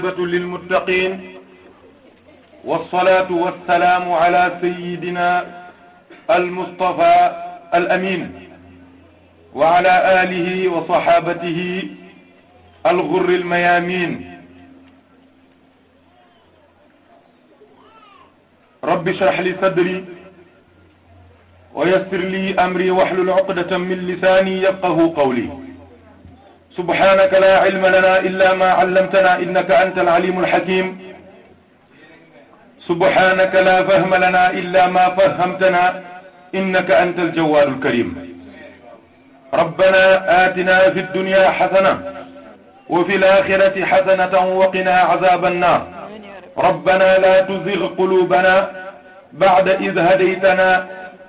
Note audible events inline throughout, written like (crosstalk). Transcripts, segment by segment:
العاقبة للمتقين والصلاة والسلام على سيدنا المصطفى الأمين وعلى آله وصحابته الغر الميامين رب اشرح لي صدري ويسر لي أمري واحلل عقدة من لساني يفقه قولي سبحانك لا علم لنا إلا ما علمتنا إنك أنت العليم الحكيم سبحانك لا فهم لنا إلا ما فهمتنا إنك أنت الجواد الكريم ربنا آتنا في الدنيا حسنة وفي الآخرة حسنة وقنا عذاب النار ربنا لا تزغ قلوبنا بعد إذ هديتنا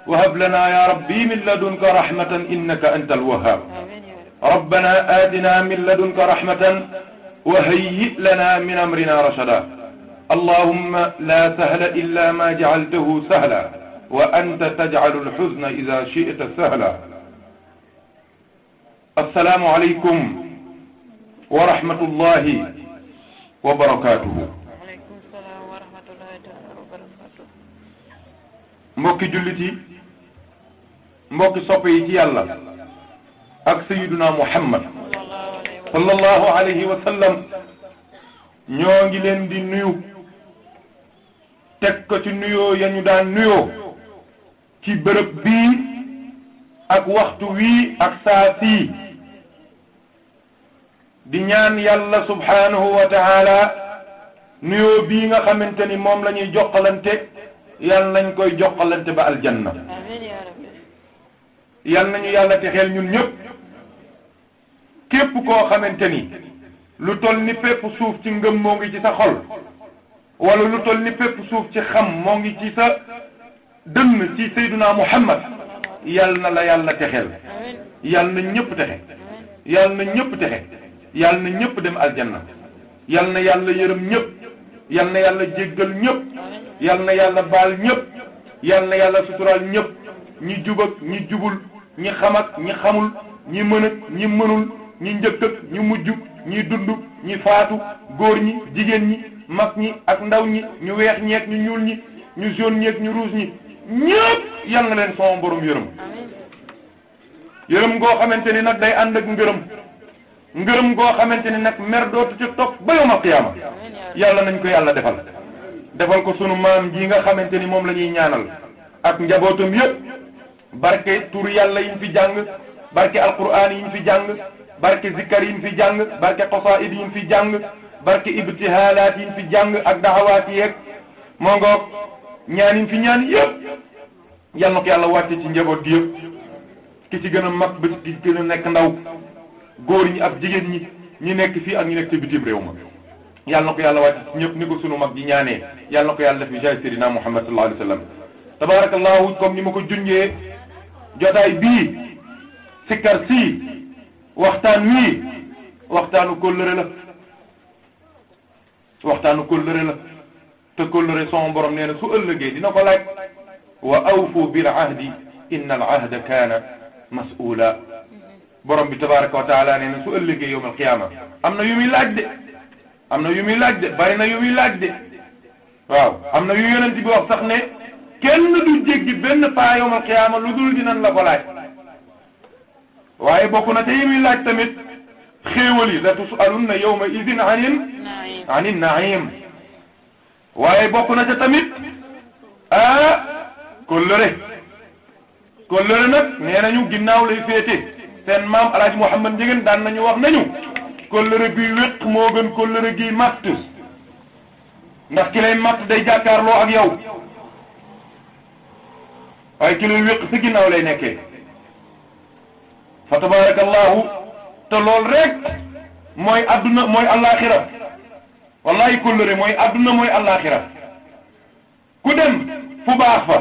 وهب لنا يا ربي من لدنك رحمة إنك أنت الوهاب ربنا آتنا من لدنك رحمة وهيئ لنا من أمرنا رشدا اللهم لا سهل إلا ما جعلته سهلا وأنت تجعل الحزن إذا شئت سهلا السلام عليكم ورحمة الله وبركاته mbokki jullit yi mbokki sopp yi ci yàlla ak sayiduna muhammad sallallahu alayhi wa ñoo ngi leen di nuyu teg ko ci nuyoo ya ñu daan nuyoo ci bërëb bii ak waxtu wii ak saa sii di ñaan yàlla subhanahu wa taala nuyoo bii nga xamante ni moom lañuy ñuy joxalante yal nañ koy joxalante ba aljanna yal nañu yàlla te xel ñun ñëpp képp koo xamante ni lu toll ni pépp suuf ci ngëm moo ngi ci sa xol wala lu toll ni pépp suuf ci xam moo ngi ci sa dënn ci sayduna muhammad yal na la yàlla texeel yal na ñëpp texe yal na ñëpp texe yal na ñëpp dem aljanna yal na yàlla yërëm ñëpp yal na yàlla jéggal ñëpp yal na yàlla baal ñëpp yal na yàlla suturaal ñëpp ñi jub ñi jubul ñi xam ñi xamul ñi mën ñi mënul ñi njëkk ak ñu mujj ñi dund ñi faatu góor ñi jigéen ñi mag ñi ak ndaw ñi ñu weex ñeeg ñu ñuul ñi ñu jaune ñeeg ñu rouge ñi ñëpp yal na leen sama borom yërëm yërëm goo xamante ni nag day ànd ak ngërëm ngërëm goo xamante ni nag mer dootu ci topp ba yawmal qiyaama yàlla nañ ko yàlla defal defal ko sunu maam ji nga xamante ni moom la ñuy ñaanal ak njabootam yëpp barke tur yàlla yiñ fi jàng barke alquran ñu fi jàng barke zikkar yi fi jàng barke qasaid yi fi jàng barke ibtihaalaat yi ñu fi jàng ak daxawaat yeeg moo ngoog ñaan yi ñu fi ñaan yëpp yal na ko yàlla wàcce ci njaboot gi yëpp ki ci gën a mag ba ki gën a nekk ndaw góor ñi ak jigéen ñi ñu nekk fii ak ñu nekk ci bitim ma yal na ko yàlla wàcce ci ñëpp ni ko sunu mag ji ñaanee yal na ko yàlla def jaay Seydina Muhammad sallallahu alayhi wa sallam ni ma ko junjee jotaay bii sikkar sii waxtaan wii waxtaanu kóllëre la waxtaanu kóllëre la te kóllëre son borom nee na su ëllëgee dina ko laaj wa awfu bil ahdi inna al ahda kaana mas'uula borom bi tabaraka wa taala nee na su ëllëgee yowm al qiyaama am na yu muy laaj de am na yu muy laaj de bari na yu muy laaj de waaw am na yu yonent bi wax sax ne kenn du jéggi benn paa yowm al qiyaama lu dul dinañ la ko laaj waaye bokk na te yi muy laaj tamit xéewal yi la tusalunna yawma idin anin anin naim waaye bokk na te tamit ah kollëre kollëre nag nee nañu ginnaaw lay féete seen maam alaaji Mouhamad Ndiéguène daan nañu wax nañu kollëre guy wéq moo gën kollëre guy matt ndax ki lay matt day jàkkaarloo ak yow waaye ki lay wéq si ginnaaw lay nekkee fa tabarakallahu te loolu rek mooy adduna mooy allaaxira wallahi kóllëre mooy adduna mooy allaaxira ku dem fu baax fa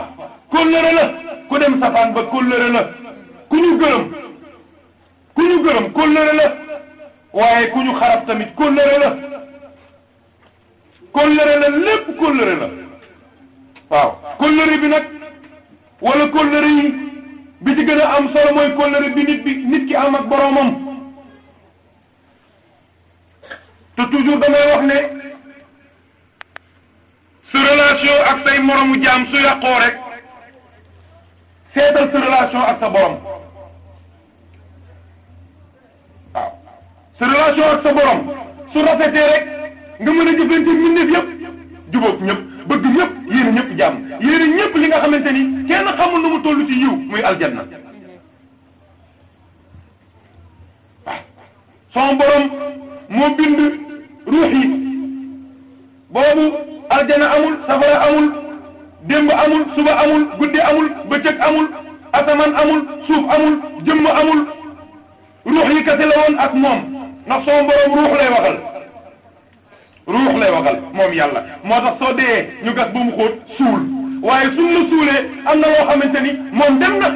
kóllëre la ku dem safaan ba kóllëre la ku ñu gërëm ku ñu gërëm kóllëre la waaye ku ñu xarab tamit kóllëre la kóllëre la lépp kóllëre la waaw kóllëre bi nag wala kóllëre yi bi ci gën a am solo mooy kóllëre bi nit bi nit ki am ak boroomam te toujours damay wax ne sa relation ak say moromu jaam su yàqoo rek seetal sa relation ak sa borom waaw sa ak sa borom su rafetee rek nga mën a jëflante mbindeef yëpp jubóob ñëpp bëgg ñëpp yéen ñëpp jàmm yéen ñëpp li nga xamante ni kenn xamul nu tollu ci yiw muy aljanna waaw ah, son borom moo bind ruux yi boobu aljana amul safara amul démb amul suba amul guddi amul bëccëg amul asamaan amul suuf amul jëmm amul ruux yi kase la woon ak moom ndax son borom ruux lay waxal ruux lay waxal moom yàlla moo tax soo dee ñu gas ba mu xóot suul waaye suñ la suulee am na loo xamante ni moom dem na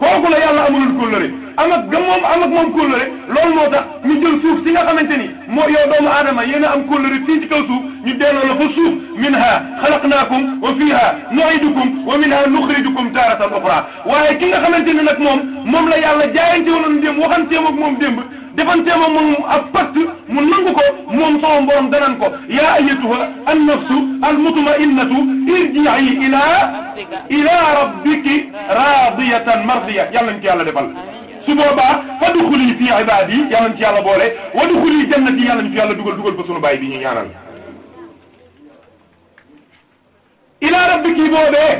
kooku la yàlla amulul kóllëre am ak ga moom am ak moom kóllëre loolu moo tax ñu jël suuf si nga xamante ni moo yow doomu aadama yéen a am kóllëre fii ci kaw suuf ñu delloo la fa suuf minha xalaqnaakum wa fiha nu'idukum wa minha nuxrijukum taaratan uxra waaye ki nga xamante ni nak moom moom la yàlla jaayante woon démb waxanteem ak moom démb defantee ma moom ak pacte mu nangu ko moom sama mborom danan ko yaa ayatuha an nafsu al mutmainnatu irjii ila ila rabbiki radiyatan mardiya yàlla ñu ci yàlla defal su boobaa fa duxuli fi ibaadi yàlla ñu ci yàlla boole wa duxuli jannati yàlla ñu ci yàlla dugal dugal fa sunu bàyyi bi ñu ñaanal ila rabbiki boobee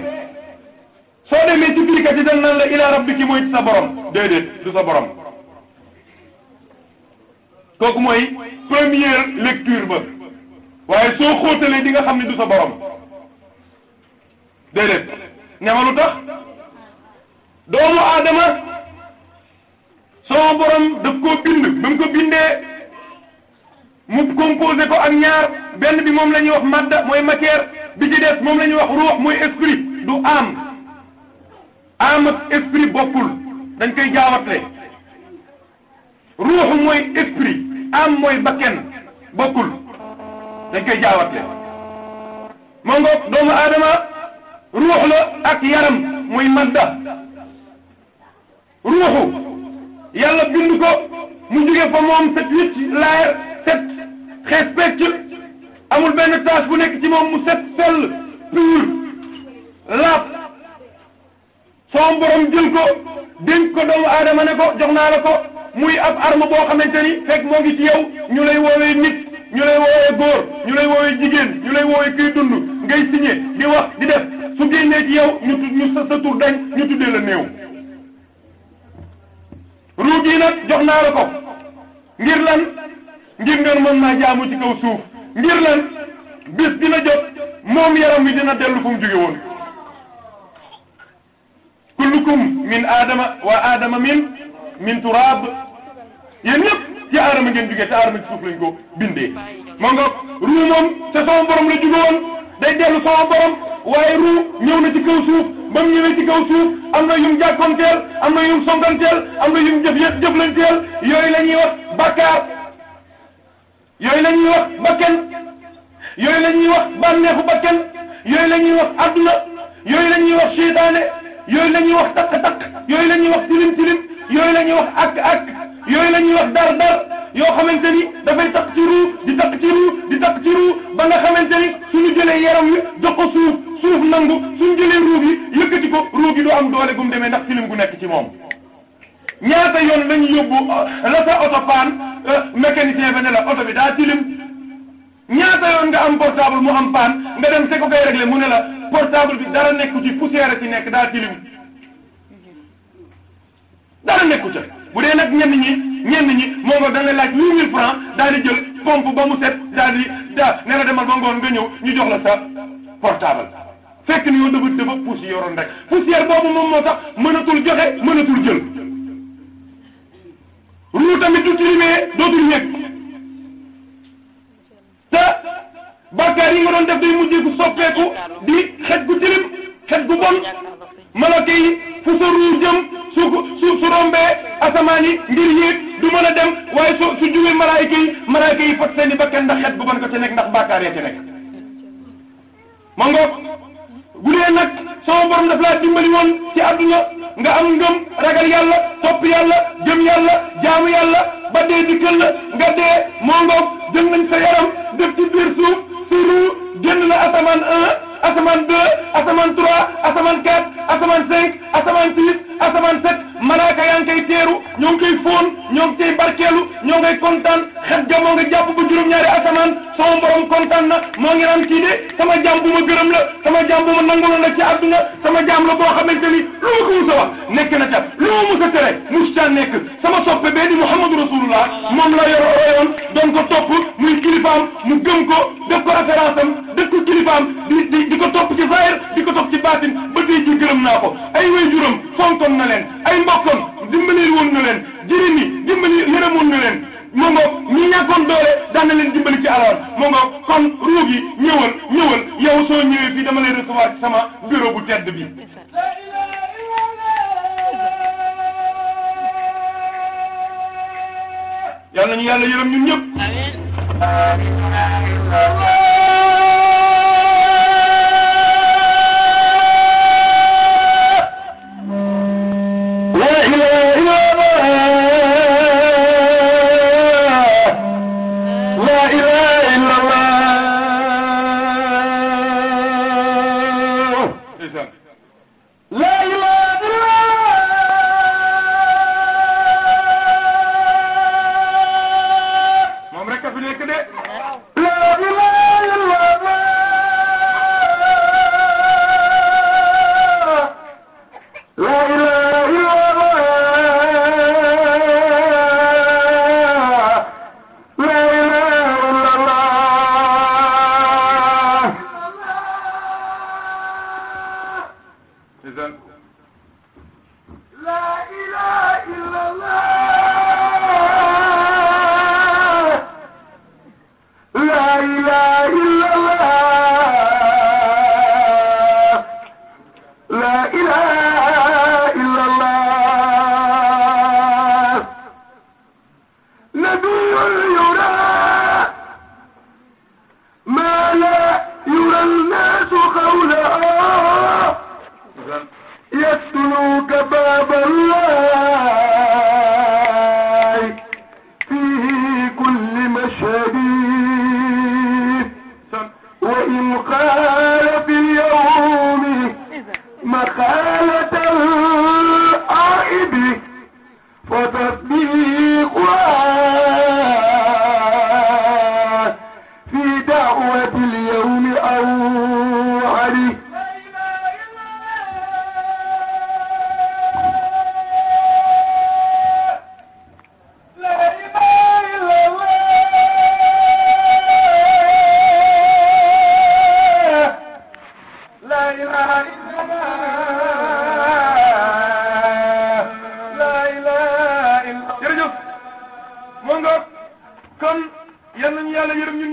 soo demee ci birkat yi dañ naan la ila rabbiki mooy ci sa borom déedéet du sa borom kooku mooy première lecture ba waaye soo xóotalee di nga xam ne du sa borom déedéet ñamalu tax doomu aadama sama borom daf koo bind ba ko bindee mu composé ko ak ñaar benn bi moom la ñuy wax madda mooy matière bi ci des moom la wax ruux mooy esprit du am am esprit bokkul dañ koy jaawatle ruuxu mooy esprit am mooy bakken bokkul dañ koy jaawatle ma doomu aadama ruux la ak yaram muy madda ruuxu yàlla bind ko mu jóge fa moom set wicc laer set xees pecc amul benn tache bu nekk ci moom mu set sell pur laab son borom jël ko dénk ko doomu aadama ne ko jox naa la ko muy ab arme boo xamante ni fekk moo ngi ci yow ñu lay woowee nit ñu lay woowee góor ñu lay woowee jigéen ñu lay woowee kuy dund ngay signé di wax di def su génnee ci yow ñu sa sa tur dañ ñu tuddee la néew. ruug nag jox naa la ko ngir lan ngir ngeen mën naa jaamu ci kaw suuf ngir lan bis dina jot moom yaram wi dina dellu fu mu jóge woon kullukum min aadama wa aadama min min turab yéen ñëpp ci aadama ngeen jugee te aadama ci suuf lañ ko bindee moo nga ruu moom te sama borom la jugoon day dellu sama borom waaye ruu ñëw na ci kaw suuf ba mu ñëwee ci kaw suuf am na yum jàkkoonteel am na yum songanteel am na yum jëf yëpp jëflanteel yooyu la ñuy wax bakkaar yooyu la ñuy wax bakken yooyu la ñuy wax bànneexu bakken yooyu la ñuy wax adduna yooyu la ñuy wax seytaane yooyu la ñuy wax takk takk yooyu la ñuy wax tilim tilim yooyu la ñuy wax ak ak yooyu la ñuy wax dar dar yoo xamante ni dafay taq ci ruu di taq ci ruu di taq ci ruu ba nga xamante ni suñu jëlee yaram wi ko suuf suuf nangu suñu jëlee ruub yi yëkkati ko ruub doo am doole gum demee ndax filim gu nekk ci moom ñaata yoon lañu yóbbu euh, la sa oto paan euh, mécanicien ba ne la oto bi daa tilim ñaata yoon nga am portable mu am paan nga dem te ko koy réglé mu ne la portable bi dara nekku ci poussière ci nekk daa tilim dara nekku ca bu dee nag ñenn ñi ñenn ñi moo ak da nga laaj huit mille francs daal di jël pompe ba mu set daal di da ne la demal ba ngoon nga ñëw ñu jox la sa portable fekk ni yow dafa dafa poussière yoroon rek boobu moom moo tax mënatul joxe mënatul jël ruu tamit du tilimee dootul ñekk te bàkkaar yi nga doon def day mujjee ku soppeeku di xet gu tilim xet gu bon malaka yi fu sa ruu jëm su su su rombee asamaan yi ngir yéeg du mën a dem waaye su jugee malaayka yi malaayka yi fot seen i bakkan ndax xet bu ko ci nekk ndax bàkkaar yee ci nekk ma ngoog nag sama borom daf laa dimbali ci àdduna nga am ngëm ragal yàlla topp yàlla jëm yàlla jaamu yàlla ba dee dikkal la nga dee moo ngoog jël sa yaram def ci biir suuf si ruu génn na asamaan un asamaan deux asamaan trois asamaan quatre asamaan cinq asamaan six asamaan set malaaka yaa ngi koy teeru ñoo ngi koy fóon ñoo ngi koy barkeelu ñoo ngay kontaan xet ga nga jàpp ba juróom-ñaari asamaan sama borom kontaan na moo ngi naan kii de sama jaam bu ma gërëm la sama jaam bu ma nanguloon la ci àdduna sama jaam la boo xamante ni lu ma ko musa nekk na ca lu ma musa tere mus ca nekk sama soppe bee di Muhammadu Rasulullah moom la yoro yoon ko topp muy kilifaam mu gëm ko def ko référence ko kilifaam di di di ko topp ci zahir di ko to ci baatin ba tey ko boppam dimbali woon na leen jërim yi dimbali yërëmoon na leen moo ngoog mi ñàkkoon doole daan na leen dimbali ci alal moo ngoog kon ruug yi ñëwal ñëwal yow soo ñëwee fii dama lay sama bureau bu tedd bi yal nañu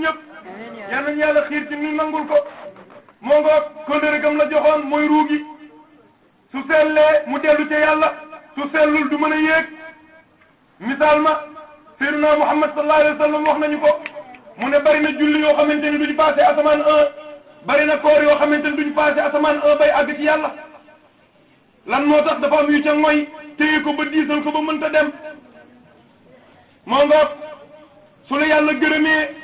ñun ñëpp yal nañu yàlla xiir ci ñu nangul ko moo ngoog kóllëre gam la joxoon mooy ruugi su sellee mu dellu ca yàlla su sellul du mën a yéeg misaal ma Seydina Muhammad sallallahu wax nañu ko mu ne bari na julli yoo xamante ni duñu passé asamaan un na koor yoo xamante ni duñu passé asamaan un bay àgg yàlla lan moo tax dafa am yu ca ngoy téye ko ba diisal ko ba mënta dem moo ngoog su la yàlla gërëmee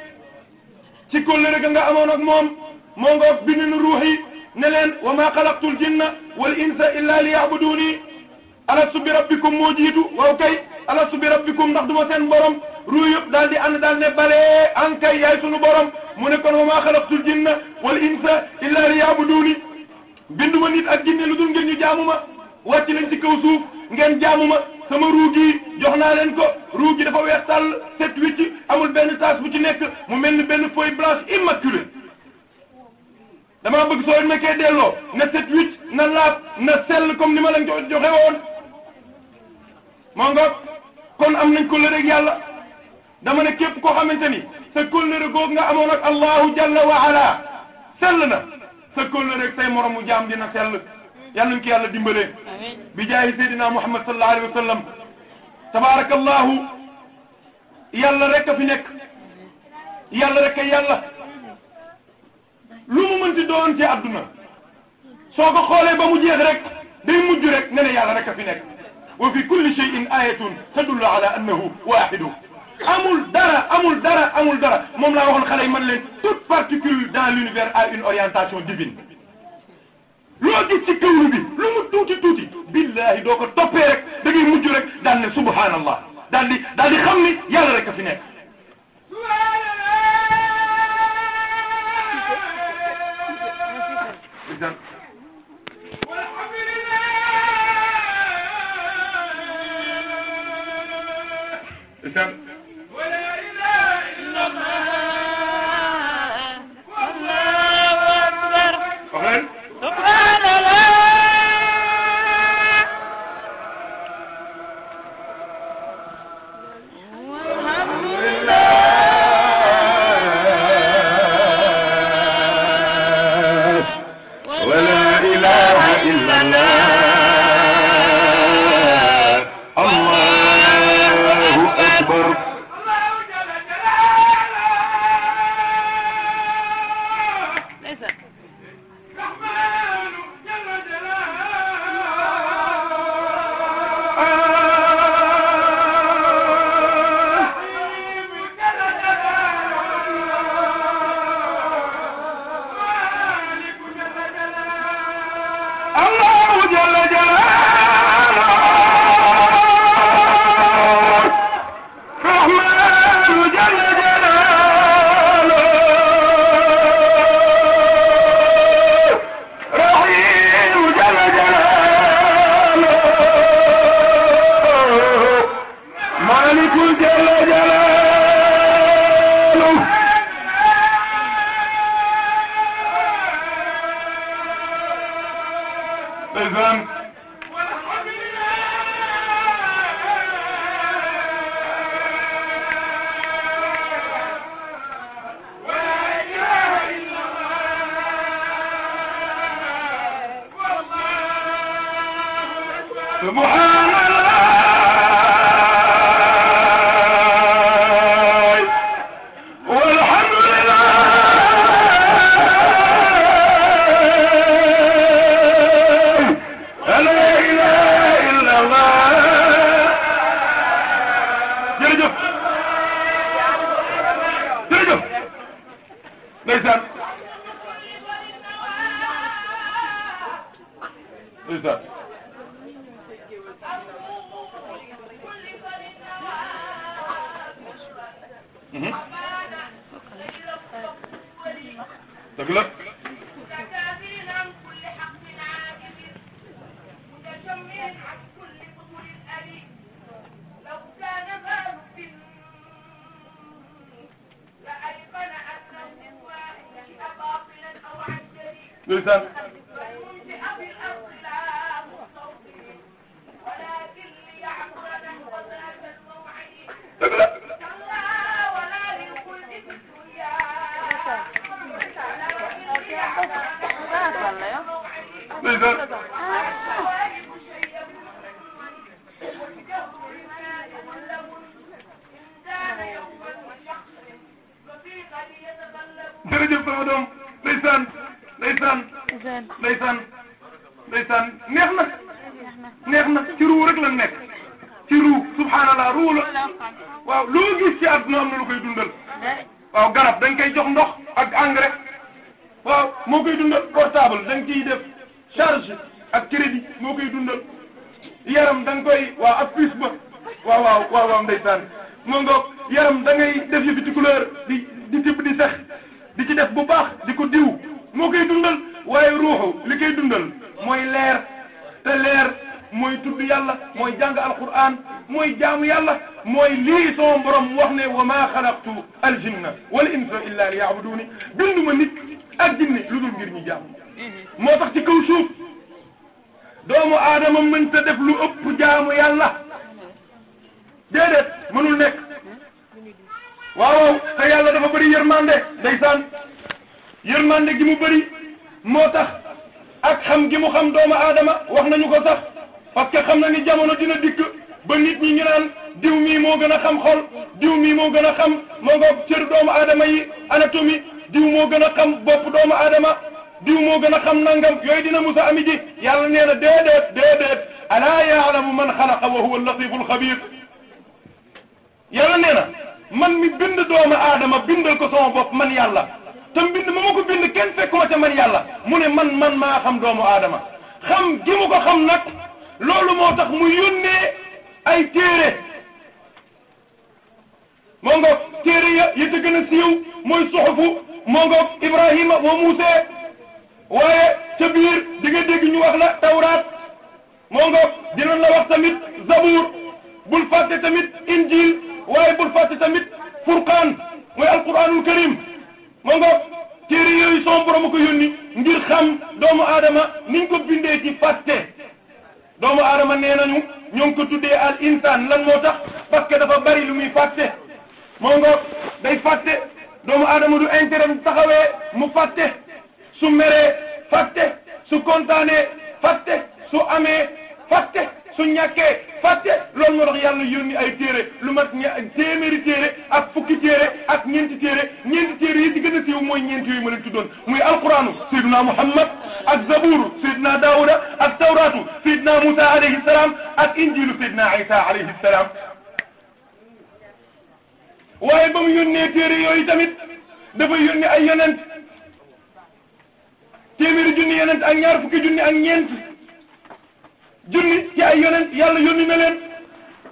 ci kóllëre ga nga amoon ak moom moo ngoog nu ruux yi wa ma xalaqtul jinna wal insa illa li yabuduni alastu bi rabbikum moo jiitu waaw kay bi rabbikum ndax duma seen borom ruu yëpp daal di ànd daal ne balee an kay yaay sunu borom mu wa ma xalaqtul jinna wal insa illa li yabuduni binduma nit ak jinne lu ngeen ñu jaamu ma wàcc leen ci kaw ngeen jaamu sama ruugi jox naa leen ko ruugi dafa weex tàll set wicc amul benn tache bu ci nekk mu mel ni benn feuille blanche immaculée damaa bëgg soo nekkee delloo na set wicc na laab na sell comme ni ma leen ko joxe woon moo ngoog kon am nañ ko ak yàlla dama ne képp koo xamante ni sa kóllëre googu nga amoon ak allahu jalla wa ala sell na sa kóllëre ak say moromu jaam dina sell yàlla nañ ko yàlla dimbalee bi jaayi Seydina Muhammad sallallahu alayhi wa sallam tabaarakallahu yàlla rek a fi nekk yàlla rek a yàlla lu mu mënti doon ci àdduna soo ko xoolee ba mu jeex rek day mujj rek ne ne yàlla rek a fi nekk wa fi kulli shay'in ayatun tadullu ala annahu wahidu amul dara amul dara amul dara moom laa waxoon xale yi man leen toute particule dans l'univers a une orientation divine loo gis ci gawlu bi lu mu tuuti tuuti billahi doo ko toppee rek da ngay mujj rek daal ne subhanallah daal di daal di xam ni yàlla rek a fi nekk walhamdulillah محمد moo ngoog yaram da ngay di di di sax di ci def bu baax di ko diw moo koy dundal waaye ruuxu li koy dundal mooy leer te leer mooy tudd yàlla mooy jàng alquran mooy jaamu yàlla mooy lii sama borom wax ne wa ma xalaqtu aljinna wal insa illa li yaabuduni a nit ak jinni lu dul ngir ñu moo tax ci kaw suuf doomu aadama mënta def lu ëpp jaamu yàlla déedéet mënul nekk waaw te yàlla dafa bëri yërmande ndeysaan yërmande gi mu bëri moo tax ak xam gi mu xam doomu aadama wax nañu ko sax parce que xam na ni jamono dina dikk ba nit ñi ñu naan diw mii moo gën a xam xol diw mii moo gën a xam moo nga cër doomu aadama yi anatomie diw moo gën a xam bopp doomu aadama diw moo gën a xam nangam yooyu dina musa ami ji yàlla nee na déedéet a alaa yaalamu man xalaqa wa huwa al latiful xabir yàlla nee na man mi bind doomu aadama bindal ko sama bopp man yàlla te mbind ma ma ko bind kenn fekkuma ca man yàlla mu ne man man maa xam doomu aadama xam gi mu ko xam nag loolu moo tax mu yónnee ay téere moo ngoog téere ya yi te gën a siiw mooy suxufu moo ngoog Ibrahima wa Muusa waaye ca biir di dégg ñu wax la tawraat moo ngoog dinañ la wax tamit zabuur bul fàtte tamit injil waaye bul fàtte tamit furqaan mooy alquranul karim ma ngoog téere yooyu son borom ko yónni ngir xam doomu aadama niñ ko bindee ci fàtte doomu aadama nee nañu ñoo ngi ko tuddee al insaan lan moo tax parce que dafa bari lu muy fàtte moo ngoog day fàtte doomu aadama du intérêt mu taxawee mu fàtte su meree fàtte su kontaanee fàtte su amee fàtte su ñàkkee fàtte loolu moo tax yàlla yónni ay téere lu mat ña téeméeri téere ak fukki téere ak ñeenti téere ñeenti téere yi ci gën a siiw mooy ñeenti yooyu ma leen tuddoon muy alquranu sayyidina muhammad ak zaburu sayyidina daawuda ak tawratu sayyidina musa alayhi salaam ak injilu sayyidina isa alayhi salaam waaye ba mu yónnee téere yooyu tamit dafa yónni ay yonent téeméeri junni ak ñaar fukki junni ak ñeent junni ci ay yonent yàlla yónni na leen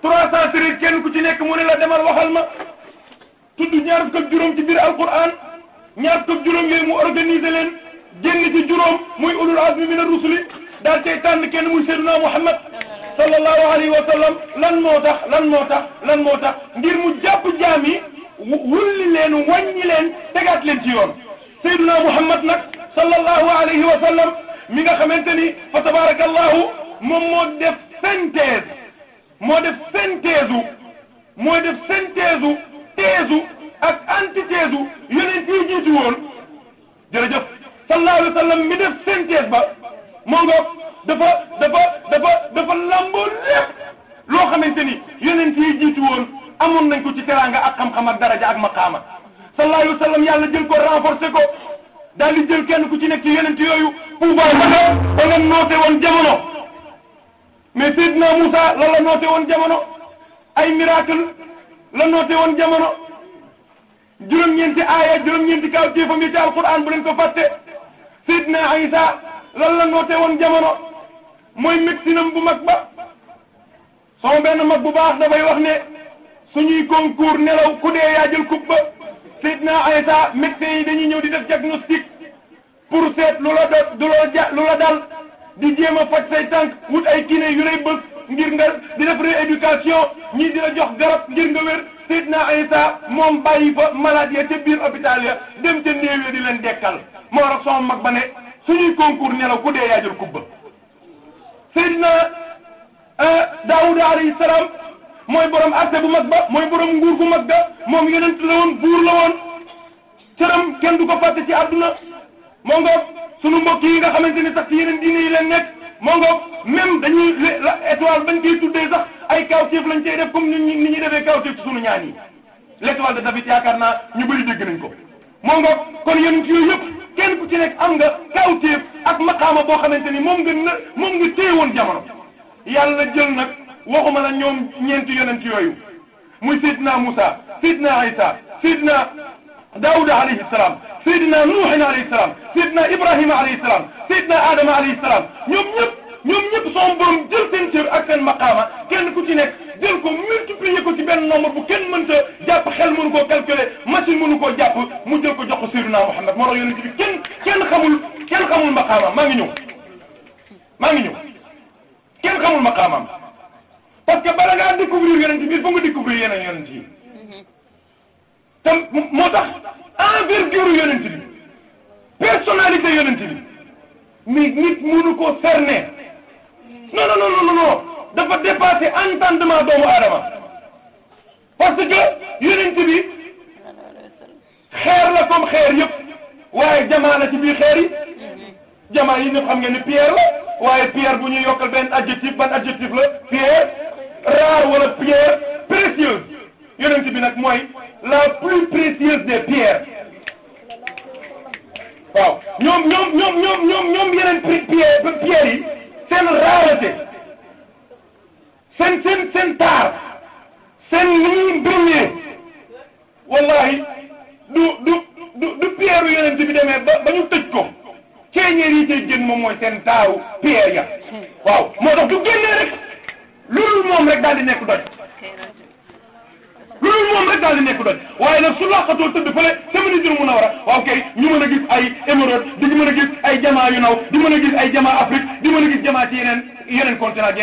trois cent treize kenn ku ci nekk mu ne la demal waxal ma tudd ñaar fukk ak juróom ci biir alquran ñaar fukk ak juróom yooyu mu organiser leen génn ci juróom muy ulul azmi min ar-rusuli daal cay tànn kenn muy seyduna muhammad sallallahu alayhi wa sallam lan moo tax lan moo tax lan moo tax ngir mu jàpp jaam yi wulli leen wàññi leen tegaat leen ci yoon seyduna muhammad nag sallallahu alayhi wa sallam mi nga xamante ni fa tabarakallahu moom moo def synthèse moo def synthèse u moo def synthèse u thèse ak antithèse u yonent yi jiitu woon jërëjëf sallallahu alayhi mi def synthèse ba moo ngoog dafa dafa dafa dafa lamboo lépp loo xamante ni yonent yi jiitu woon amoon nañ ko ci teraanga ak xam-xam ak daraja ak maqaama sallallahu alayhi wa sallam yàlla jël ko renforcer ko daal di jël kenn ku ci nekk ci yonent yooyu pouvoir ba ba nga noote woon jamono mais Seydina Moussa lan la noote woon jamono ay miracle la woon jamono juróom-ñeenti aaya juróom-ñeenti kaw téefam yi ci alquran bu leen ko fàtte Seydina Isa lan la noote woon jamono mooy médecine bu mag ba sama benn mag bu baax dafay wax ne suñuy concours nelaw ku dee yaa jël coupe ba Seydina Isa médecins yi dañuy ñëw di def diagnostic pour seet lu la do du la dal di jéem a faj say tànk wut ay kiné yu lay bëgg ngir nga di def rééducation ñii di la jox garab ngir nga wér Seydina Isa moom bàyyi fa malade ya ca biir hôpital ya dem ca néew ya di leen dekkal moo tax sama mag ba ne suñuy concours ne ku dee yaa jël kubba Seydina euh, Daawuda alayhi salaam mooy borom arté bu mag ba mooy borom nguur gu mag ba moom yonent la woon buur la woon cëram kenn du ko fàtte ci àdduna moo nga sunu mbokk yi nga xamante ni sax ci yeneen diine yi leen nekk moo ngoog même dañuy la étoile bañ koy tuddee sax ay kawteef lañ cay def comme ni ñuy ni ñuy defee kawteef ci sunu ñaan yi l'étoile de David yaakaar naa ñu bëri dégg nañ ko. moo ngoog kon yeneen ci yooyu yëpp kenn ku ci nekk am nga kawteef ak maqaama boo xamante ni moom nga na moom nga téye woon jamono yàlla jël nag waxuma la ñoom ñeenti yonent yooyu muy Seydina Moussa Seydina Aïssa Seydina داود عليه السلام سيدنا نوح عليه السلام سيدنا إبراهيم عليه السلام سيدنا آدم عليه السلام ñoom ñëpp ñoom ñëpp son borom seen cër ak seen maqaama kenn ku ci nekk jël ko multiplier ko ci benn nombre bu kenn mënta jàpp xel mënu koo calculer machine mënu koo jàpp mu jël ko jox ko Seydina Muhammad moo tax kenn kenn xamul kenn xamul maqaamaam maa ngi ñëw maa ngi ñëw kenn xamul maqaamaam parce que bala ngaa découvrir yonent bi il faut nga découvrir yeneen te moo tax envergure yonent bi personnalité yonent bi mais nit mënu ko cerner non non non non non dafa dépasser entendement doomu aadama parce que yonent bi xeer la comme xeer yëpp waaye jamaa la ci biir xeer yi jamaa yi ñëpp xam ngeen ni pierre la waaye pierre bu ñu yokkal benn adjectif ban adjectif la pierre rare wala pierre précieuse yonent bi nag mooy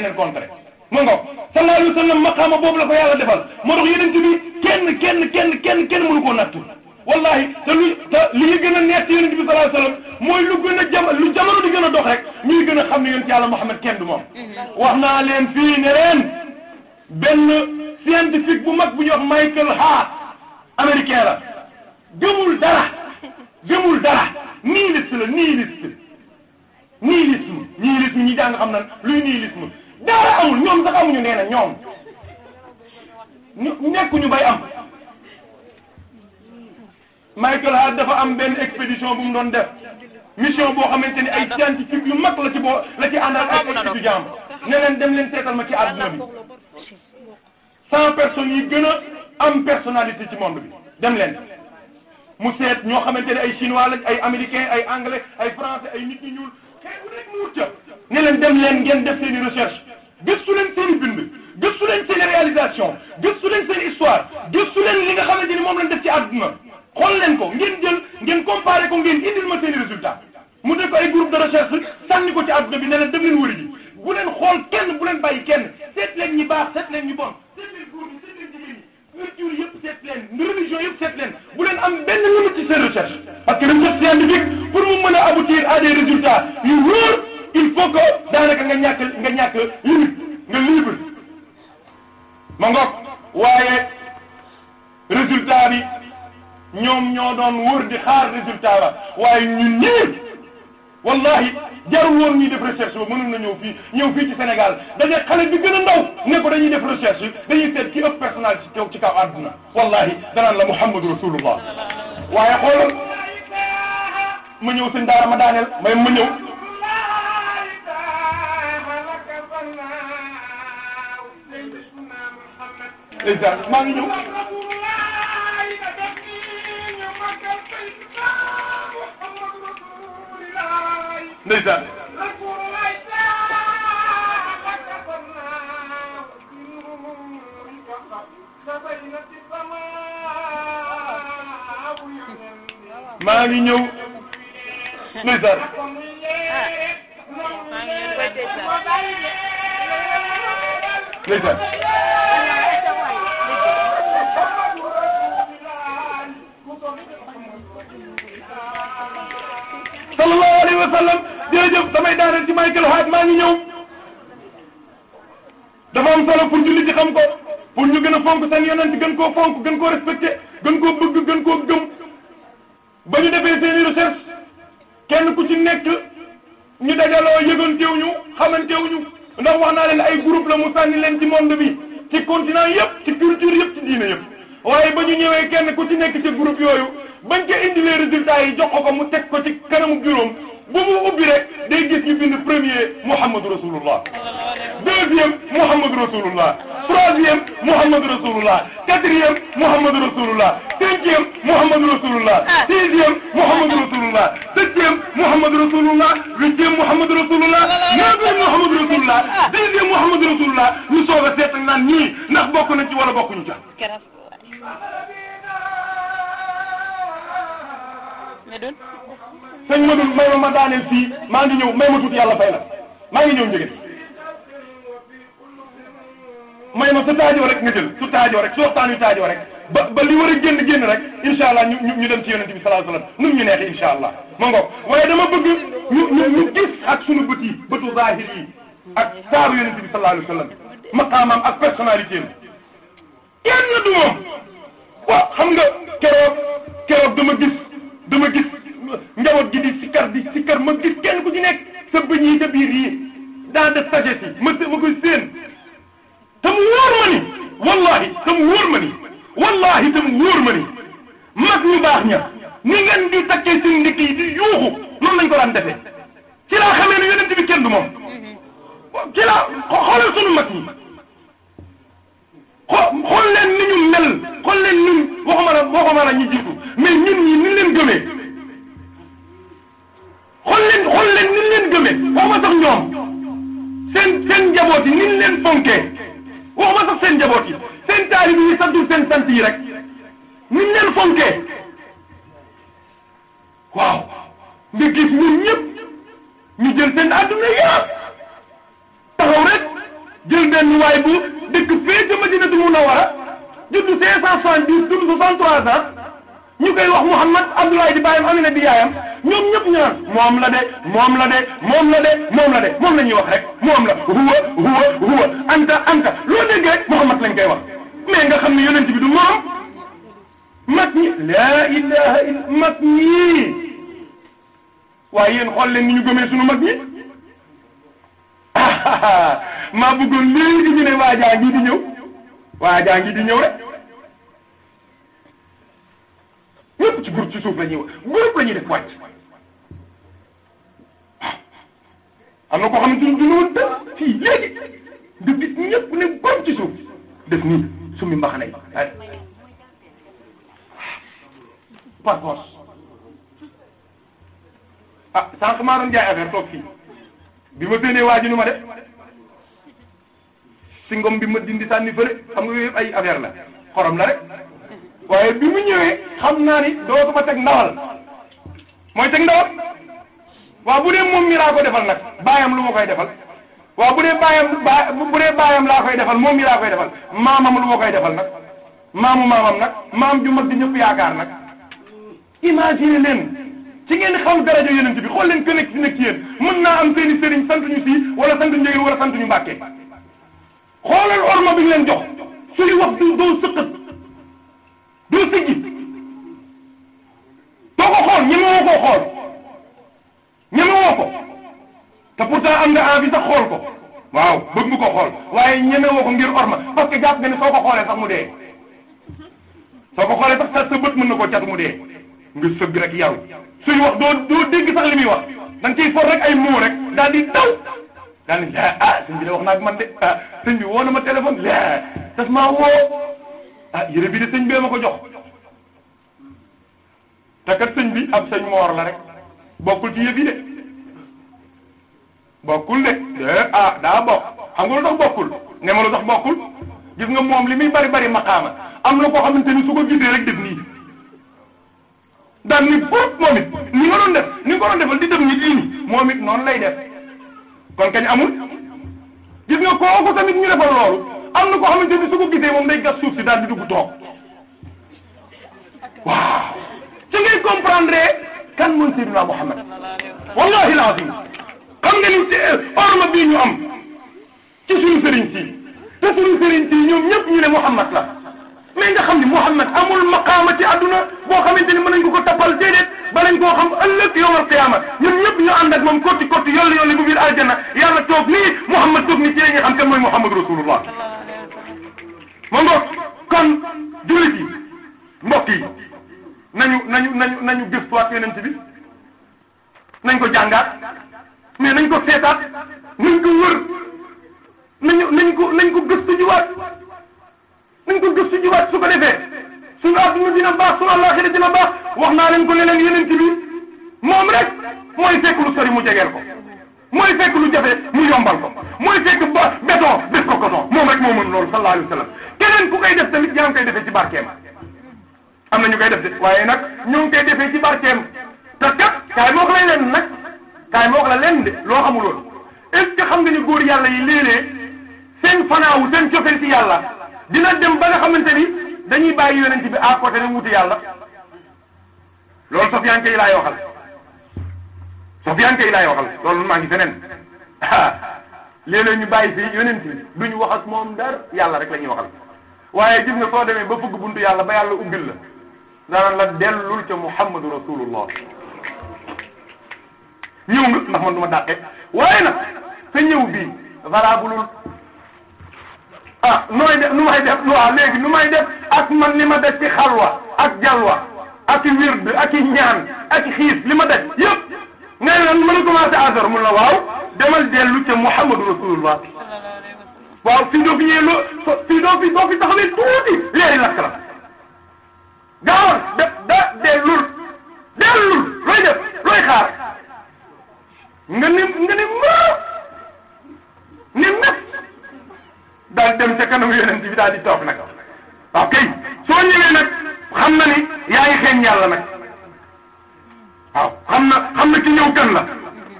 yeneen contrées mu ngoog sallallahu alayhi wa sallam maqaama boobu la ko yàlla defal moo tax yeneen bi kenn kenn kenn kenn kenn mënu koo nattu wallahi te lu te li ñu gën a neex ci yonent bi sallallahu alayhi wasallam mooy lu gën a jam lu jamono di gën a dox rek ñuy gën a xam ne yonent yàlla Muhammad kenn du moom mhm. wax naa leen fii ne leen benn scientifique bu mag bu ñuy wax Michael Hart américain la gëmul dara (laughs) gëmul dara nihiliste la nihiliste nihilisme nihilisme ñi jàng xam nan luy nihilisme dara amul ñoom sax amuñu nee na ñoom nekkuñu bay am Michael Hart dafa am benn expédition bu mu doon def mission boo xamante ni ay scientifique yu mag la ci boo la ci àndal ak ay étudiants ne leen dem leen seetal ma ci àdduna bi cent personnes yi gën am personnalité ci monde bi dem leen mu seet ñoo xamante ne ay chinois lañ ay américains ay anglais ay français ay nit ñu ñuul ne leen dem leen ngeen def seeni recherche gëstu leen seen i bind gëstu leen seen i réalisation gëstu leen seen histoire gëstu leen li nga xamante ni moom lañ def ci àdduna xool leen ko ngeen jël ngeen comparé ko ngeen indil ma seen i def ko ay groupe de recherche sànni ko ci àdduna bi ne leen dem leen wëri ji bu leen xool kenn bu leen kenn seet leen ñi baax seet leen ñi bon religion yëpp seet leen bu am benn limite ci seen recherche parce que recherche scientifique pour mu mën a aboutir à des résultats il faut que daanaka nga ñàkk nga ñàkk limite nga ma ngoog waaye résultat bi ñoom ñoo doon wër di xaar résultat ba waaye ñii wallahi jarul woon ñuy def recherche ba mënoon na ñëw fii ñëw fii ci Sénégal dañuy xale gën a ndaw ne ko dañuy def recherche yi seet ci ëpp personnalité ci kaw àdduna wallahi danaan la Muhammadu Rasulullah waaye xoolal ma ñëw sëñ daara ma daaneel may ndeysaan maa ngi ñëw ndeysaan maa ngi ñëw ndeysaan sallallahu alayhi wa sallam jërëjëf damay daaneel ci Michael Hart maa ngi ñëw dafa am solo pour julli ci xam ko pour ñu gën a fonk seen yonent gën koo fonk gën koo respecté gën koo bëgg gën koo gëm ba ñu defee seeni recherche kenn ku ci nekk ñu dajaloo yëgantewuñu xamantewuñu ndax wax naa leen ay group la mu sànni leen ci monde bi ci continent yëpp ci culture yëpp ci diine yëpp waaye ba ñu ñëwee kenn ku ci nekk ci groupe yooyu bañ ca indilee résultat yi jox ko ko mu teg ko ci kanamu juróom bu mu ubbi rek day gis ñu bind premier Mouhamadou Rasulullah deuxième Mouhamadou Rasulullah troisième Mouhamadou Rasulullah quatrième Mouhamadou Rasulullah cinquième Mouhamadou Rasulullah sixième Mouhamadou Rasulullah septième Mouhamadou Rasulullah huitième Mouhamadou Rasulullah neuvième Mouhamadou Rasulullah dixième Mouhamadou Rasulullah ñu soog a seet naan ñii ndax bokk na ci wala bokkuñu ca sëñ Madou may ma ma daaneel fii maa ngi ñëw may ma tuuti yàlla fay la maa ngi ñëw njëgët may ma sa taajoo rek nga jël su taajoo rek su waxtaan wi taajoo rek ba ba li war a génn génn rek incha allah dem ci yonente bi sallallahu alayhi wasallam nu ñu neexee incha allah ma ngoog waaye dama bëgg ñu gis ak sunu bët yi bëtu zahir yi ak saaru yonente bi sallallahu alayhi wasallam maqaamam ak personnalité am kenn du nga keroog keroog dama gis. dama gis njaboot gi di sikkar di sikkar ma gis kenn ku ci nekk sa bëñ yi sa biir yi dans de sagesse yi ma ma koy séen te mu wóor ma ni wallahi te mu wóor ma ni ma mag ñu baax ña ni ngeen di takkee suñu ndikk yi di yuuxu noonu lañ ko daan defee ci laa xamee ne yonent bi kenn du moom ci laa xoolal suñu mag ñi xool leen ni ñu mel xool leen ni waxuma la waxuma la ñu jiitu mais ñun ñi ni leen gëmee xool leen xool leen ni leen gëmee waxuma sax ñoom seen seen njaboot yi ni leen fonkee waxuma sax seen njaboot yi seen taalib yi santul seen sant yi rek ni leen fonkee waaw nga gis ñun ñëpp ñu jël seen adduna yëpp taxaw rek jël benn waay bu dëkk fee ca Madinatul Munawwara juddu cinq cent soixante-dix dund soixante-trois ans ñu koy wax Muhammad Abdoulaye di bàyyam Amina di yaayam ñoom ñëpp ñu moom la de moom la de moom la de moom la de moom la ñuy wax rek moom la huwa huwa huwa anta anta loo dégg rek Muhammad lañ koy wax mais nga xam ne yonent bi du moom mag ñi laa ilaha illa mag ñi waaye yéen xool leen ni ñu gëmee sunu mag ñi (laughs) maa bëggoon léegi ñu ne waajaa ngi di ñëw waajaa ngi di ñëw rek yépp ci groupe ci suuf la ñuy groupe la ñuy def wàcc am na koo xam ne duñ duñ woon dëkk fii léegi nga gis ñëpp ne bam ci sumi mbaxana yi par force ah sànq maa doon jaay affaire bi ma bénnee waa nu ma def si ngom bi ma dindi sànni fële xam nga yooyu ay la xorom la rek waaye bi mu ñëwee xam naa ni dootuma teg ndawal mooy teg ndawal waaw bu dee moom mi laa ko defal nag baayam lu moo koy defal waaw bu dee baayam bu dee baayam laa koy defal moom mi laa koy defal maamam lu ma koy defal nag maamu maamam nag maam ju mag di ñëpp yaakaar nag imagine leen ci ngeen xam daraja yonent bi xool leen ku nekk ci nekk ci mën naa am seeni sëriñ sant ñu si wala sant ñu wala sant ñu mbàkke xoolal orma bi leen jox suy wax du la tijji doo ko xool ñeme woo koo xool ñeme woo ko te pourtant am nga ko waaw bëgg mu ko xool waaye ñeme woo ko ngir orma parce que jàpp nga ni soo ko xoolee mu de soo ko xoolee sax sa sa bët mën na koo cat mu dee nga sëgg rek yaru suy wax doo doo dégg sax li muy wax da nga ciy for rek ay mots rek daal di daw daal ah sëñ bi de wax naa ak man de ah sëñ bi woo ma téléphone ah yére bi de sëñ bee ma ko jox te kat bi ab sëñ moor la rek bokkul ci yëf yi de bokkul de de ah daa bokk xam nga lu bokkul ne ma lu bokkul gis nga moom li mi bari bari maqaama am na koo xamante ni su ko gisee rek def nii daan ni bopp moom it ni nga doon ni nga ko doon defal di dem ni lii nii moom it noonu lay def kon kañ amul gis nga kooku tamit ñu defal loolu am na koo xamante ni su ko gisee moom day gas suuf si daal di dugg toog waaw ci ngay comprendre kan mooy Seydina Muhammad wallahi alazim xam nga ni orma bii ñu am ci suñu sëriñ si te suñu sëriñ si ñoom ñëpp ñu ne Muhammad la mais nga xam ni Muhammad amul maqaama ci adduna boo xamante ni mën nañ ko ko tappal déedéet ba lañ koo xam ëllëg yowmal qiyaama ñun ñëpp ñu ànd ak moom kotti kotti yolli yolli bu biir aljana yàlla toog nii Muhammad toog ni ci la ñuy xam kan rasulullah ma ngoog kon jullit yi mbokk nañu nañu nañu nañu nañu gëstuwaat yonent bi nañ ko jàngaat mais nañ ko seetaat nañ ko wër nañu nañ ko nañ ko gëstu jiwaat nañ ko tu jiwaat su ko defee suñu àdduna dina baax suñu àllaaxira dina baax wax naa leen ko leneen yonent bi moom rek mooy fekk lu sori mu jegeel ko mooy fekk lu jafe mu yombal ko mooy fekk ba béton def ko coton moom rek moo mën loolu sallallahu alayhi wa sallam keneen ku koy def tamit yaa ngi koy defee ci barkeem am na ñu koy def de waaye nag ñoo ngi koy defee ci barkeem te kat kaay moo ko lay leen nag kaay moo ko la leen de loo xamul woon est-ce que xam nga ni góor yàlla yi léeg-léeg seen fanaawu seen cofeel ci yàlla dina dem ba nga xamante ni dañuy bàyyi yonent bi à côté ne wuti yàlla loolu sof yaa ngi koy laay waxal Sufyaan i laay waxal loolu maa ngi feneen léeg-léeg ñu bàyyi fi yonent bi duñu wax ak moom dara yàlla rek la ñuy waxal waaye gis nga soo demee ba fugg buntu yàlla ba yàlla ubbil la daan la dellul ca Muhammadu Rasulullah ñëw nga ndax man du ma dàqe waaye ñëw bii valabulul ah nu may def nu may def léegi nu may ak man li ma def ci xalwa ak jalwa ak i wird ak i ñaan ak xiis li ma def yëpp nee na mën a commencé asar mun la waaw demal dellu ca Muhammadu Rasulullah bi waaw fii fi doo fi doo fi taxawee tuuti leeri lakk la gaawal da da dellul dellul looy def looy xaar daal di toog nag waaw kay soo ñëwee nag xam na ni yaa ngi xeeñ waaw xam na xam na ki ñëw kan la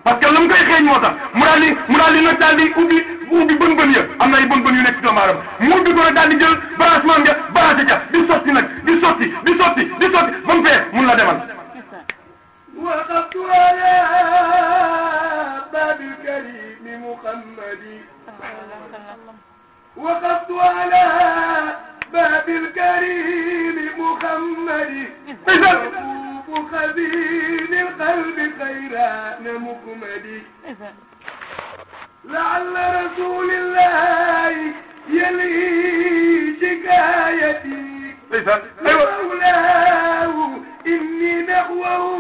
parce que la mu koy xeeñ moo tax mu daal di mu daal di nag daal di ubbi ubbi bën bën ya am na ay bën bën yu nekk ci doomu aadama mu ubbi ko nag daal di jël branchement nga branché ca di sotti nag di sotti di sotti di sotti ba mu fee mun la demal waqaftu ala babil karimi muhammadi waqaftu ala babil karimi muhammadi خبير القلب خيران مخمدي لعل رسول الله يلي شكايتي لمولاه إني نحوه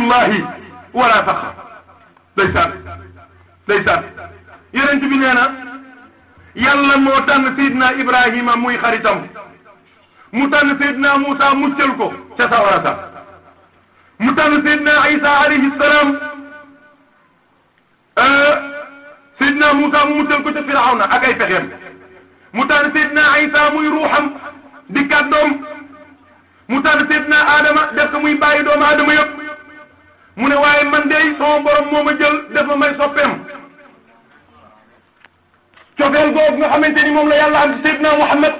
xayrullahi wala faxar ndeysaan ndeysaan yonent bi nee na yàlla moo tànn Seydina Ibrahima muy xaritam mu tànn Seydina Moussa muccal ko ca sawara sa mu tànn Seydina Isa alayhi salaam euh, Seydina Moussa mu muccal ko ca Firawna ak ay pexeem mu tànn Seydina Isa muy ruuxam di kàddoom mu tànn Seydina Adama def ko muy bàyyi doomu Adama yëpp mu ne waaye man dey sama borom moo ma jël def ma may soppeem cofeel googu nga xamante ni moom la yàlla am ci Seydina Muhammad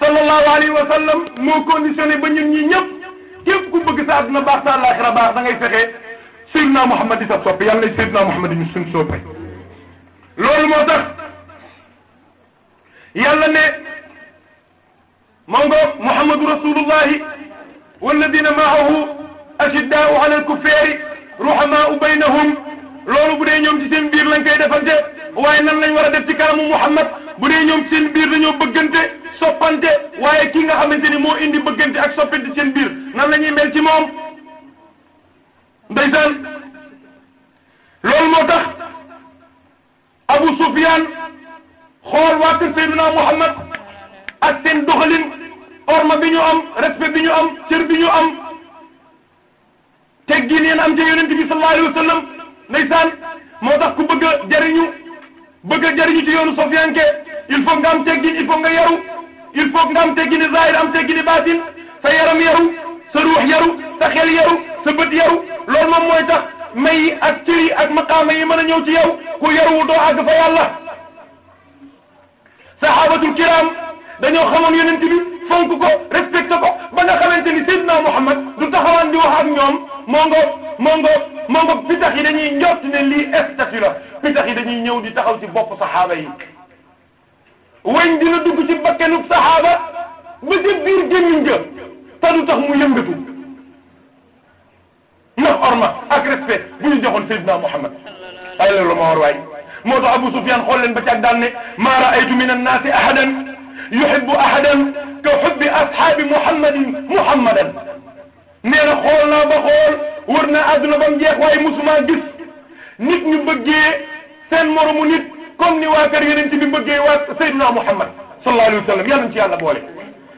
sallallahu alayhi wa sallam moo conditionné ba ñun ñi ñëpp képp ku bëgg sa àdduna baax sa àllaaxira baax da ngay fexe Seydina Muhammad di sa soppe yàlla Seydina Muhammad ñu suñ soppe loolu moo tax yàlla ne ma ngoog Muhammadu rasulullahi walladina maahu ashiddaau ala alkuffaari ruhamaau baynahum loolu bu dee ñoom ci seen biir defante waaye nan lañ war a def ci kanamu Muhammad bu dee ñoom seen biir dañoo bëggante soppante waaye ki nga xamante ni moo indi bëggante ak soppante seen biir nan la ñuy mel ci moom ndeysaan Abu Sufyaan xool waa kër Seydina Muhammad ak seen orma bi ñu am respect bi ñu am cër bi ñu am teggin yéen am ca yonent bi sallallahu alayhi wa sallam ndeysaan moo a a teggini zahir am teggini baatin sa yaram yaru sa ruux yaru sa xel yaru sa bët yaru loolu moom mooy tax may yi ak cër yi ak maqaama yi mën a ñëw ci yow ku yaruwul doo àgg fa yàlla sahabatul dañoo xamoon yonent bi fonk ko respecté ko ba nga xamante ni Seydina Muhammad du taxawaan di wax ak ñoom moo ngoog moo ngoog moo pitax yi dañuy njort ne lii statue pitax yi dañuy ñëw di taxaw ci bopp saxaaba yi weñ dina dugg ci bakkenub saxaaba ba ci biir gémmiñ ga te du tax mu yëngatu ndax orma ak respect bu ñu joxoon Seydina Muhammad ay loolu ma war waay moo tax Abu Sufyan xool leen ba càgg daan ne maa raaytu min annaasi ahadan yuhibbu ahadan ka hubbi ashaabi muhammadin muhammadan nee na xool naa ba xool wër naa ba mu waaye musuma gis nit ñu bëggee seen moromu nit comme ni waa kër yeneen ci bi bëggee waa Seydina Muhammad sallallahu alayhi wa sallam yàlla na ci yàlla boole.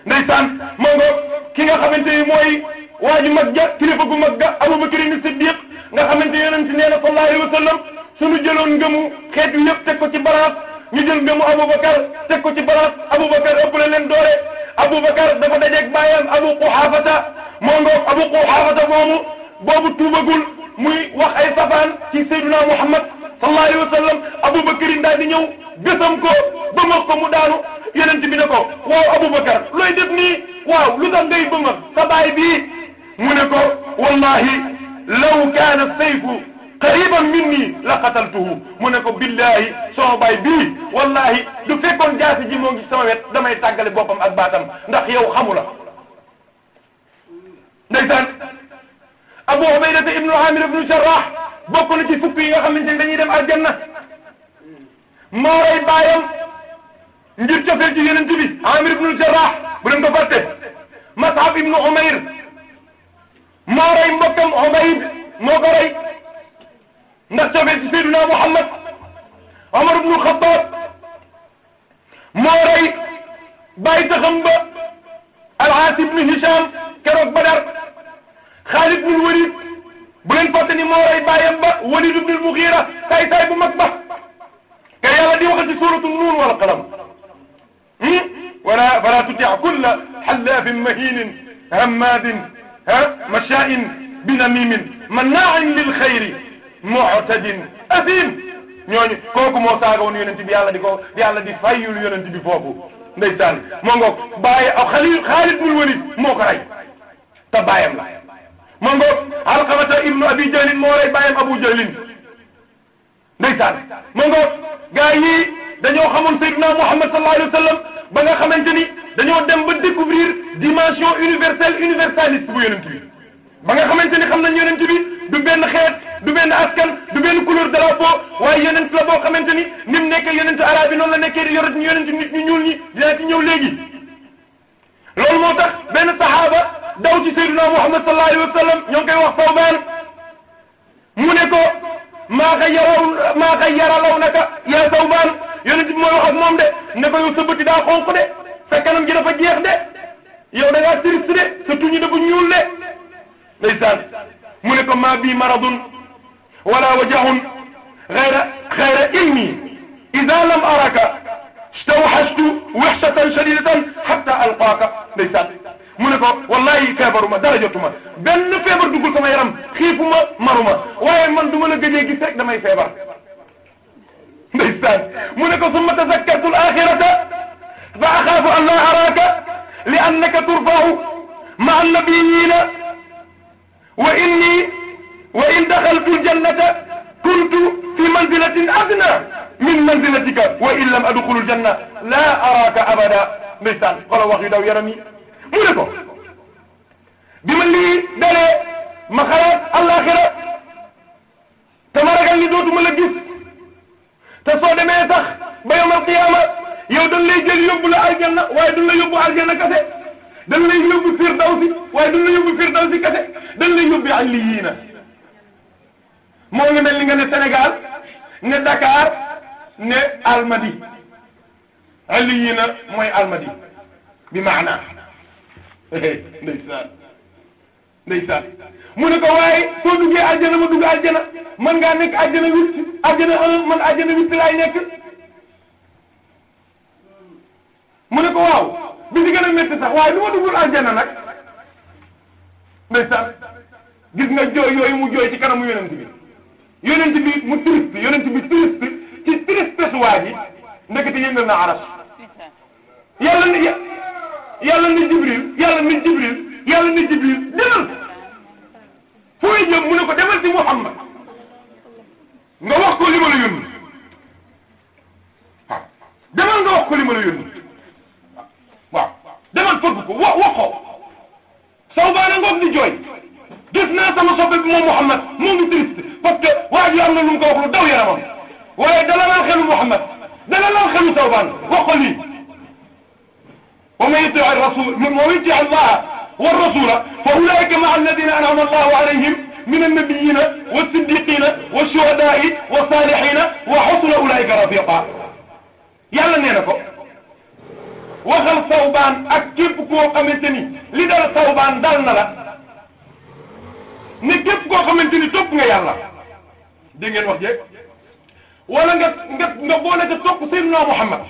ndeysaan moo nga ki nga xamante ni mooy waa ji mag ja kilifa gu mag ga Abubakar ni Siddiq nga xamante yeneen ci nee na sallallahu alayhi wa sallam suñu xeet yu yëpp teg ko ci baraas ñu jël ngëmu Abubakar teg ko ci baraas Abubakar ëpp la leen doole Abubakar dafa moo ngoog abu quhaafata moomu boobu tuubagul muy wax ay safaan ci sayyidina muhammad sallallahu alayhi wa sallam aboubacar daal di ñëw gësam ko ba max ko mu daanu yonent bi ne ko waaw aboubacar looy def nii waaw lu tax ngay ba max sa baay bii mu ne ko wallahi law kaana sayfu qariban minni la qataltuhu mu ne ko billahi sama baay bii wallahi du fekkoon jaasi ji moo ngi sama wet damay tàggale boppam ak baatam ndax yow xamula ndeysaan Abu Ubaydata ibnu Amir ibnu Jarrah bokk na ci fukk yi nga xamante ne dañuy dem aljanna moo rey baayam ngir cofeel ci yonent bi Amir ibnu Jarrah bu leen ko fàtte Mus'ab ibnu Umayr moo rey mbokkam Ubayd moo ko rey ndax cofeel ci Seydina Muhammad Omar ibnu Xattaab moo rey bàyyi taxam ba Al-Aas ibnu Hisham keroog Badar Xaalid bul Waliid bu leen fàtte ni moo rey bàyyam ba Waliid ibnul Mugiira saay saay bu mag ba te yàlla di wax ci suuratu Nuun wal qalam hmm? wala fala tuti' kulla hallaafin mahiinin hammaadin mashaa'in binamiimin mannaa'in lil xayri mu'tadin asiim ñooñu kooku moo saaga woon yonent bi yàlla di ko yàlla di fayul yonent bi foofu ndeysaan moo ngoog bàyyi aw Xaalid Xaalid bul Waliid moo ko rey te bàyyam la ma ngoog alqamata ibnu abi jahlin moo ba bàyyam abu jahlin ndeysaan ma ngoog gaa yi dañoo xamoon sayyidina muhammad sallallahu alayhi wa ba nga xamante ni dañoo dem ba découvrir dimension universelle universaliste bu yonent bi ba nga xamante ni xam nañ yonent bi du benn xeet du benn askan du benn couleur de waaye yonent la boo xamante ni ni mu nekkee yonent arabe yi noonu la nekkee yonent nit ñu ñuul ñi dinaa ci ñëw léegi loolu moo tax benn daw ci sayyiduna muhammad sallallahu alayhi wa sallam ñoo ngi koy wax Sawbaan mu ne ko maa ka yaraw maa ka yaralaw naka yaa Sawbaan yonent bi mooy wax ak moom de ne ko yow sa bëti daa xonq de sa kanam gi dafa jeex de yow da ngaa triste de sa tuñu dafa ñuul de ndeysaan mu ne ko maa bii maradun wala wajahun xayra xayra ilmi ida lam araka stawxastu wexshatan shadidatan xatta alqaaka ndeysaan mu ne ko wallahi feebaruma dara jotuma benn feebar duggul sama yaram xiifuma maruma waaye man du ma la gëjee gis rek damay feebar ndeysaan mu ne ko summa tazakkartu al axirata fa axaafu an laa araaka li annaka turfau ma annabiyina wa inni wa in daxaltu ljannata kuntu fi manzilatin adna min manzilatika wa in lam adxulu ljanna laa araaka abada ndeysaan xoolal wax yu daw yaram yi mu ne ko bi ma lii dalee ma xalaat àllaaxira te ma ragal ni dootuma la gis te soo demee sax ba yomal qiyaama yow dañ lay jël yóbbu la aljanna waaye duñ la yóbbu aljanna kase dañ lay yóbbu firdawsi waaye duñ la yóbbu firdawsi kase dañ lay yóbbu alliyiina moo ngi mel ni nga ne Sénégal ne Dakar ne Almadi Almadi bi maana ndeysaan ndeysaan mu ne ko waaye soo duggee àjjana ma dugg àjjana man ngaa nekk àjjana huit àjjana man àjjana huit laay nekk mu ne ko waaw bi ci gën a métti sax waaye lu ma duggul àjjana nag ndeysaan gis nga jooy yooyu mu jooy ci kanamu yonent bi yonent bi mu triste yonent bi triste ci tristesse waa ji ndekete yëngal na aras yàlla na yàlla ni jibril yàlla ni jibril yàlla ni jibril demal mu ne ko demal ci Muhammad nga wax ko li ma la yónni waaw demal nga wax ko li ma la yónni waaw demal fëgg ko wax wax ko sawbaana ngoog di jooy gis naa sama soppe bi moom Muhammad moo ngi triste parce que waa ji am na lu mu ko wax lu daw yaramam waaye dala laal xelu Muhammad dala laal xelu sawbaan wax ko lii ومن يطع الرسول ومن يطع الله والرسول فاولئك مع الذين انعم الله عليهم من النبيين والصديقين والشهداء والصالحين وحسن اولئك رفيقا yàlla nee na ko waxal sawbaan ak képp koo xamante ni li dal sawbaan dal na la ne képp koo xamante ni topp nga yàlla dégg ngeen wax jeeg wala nga nga nga boole ca topp sayyidina Muhammad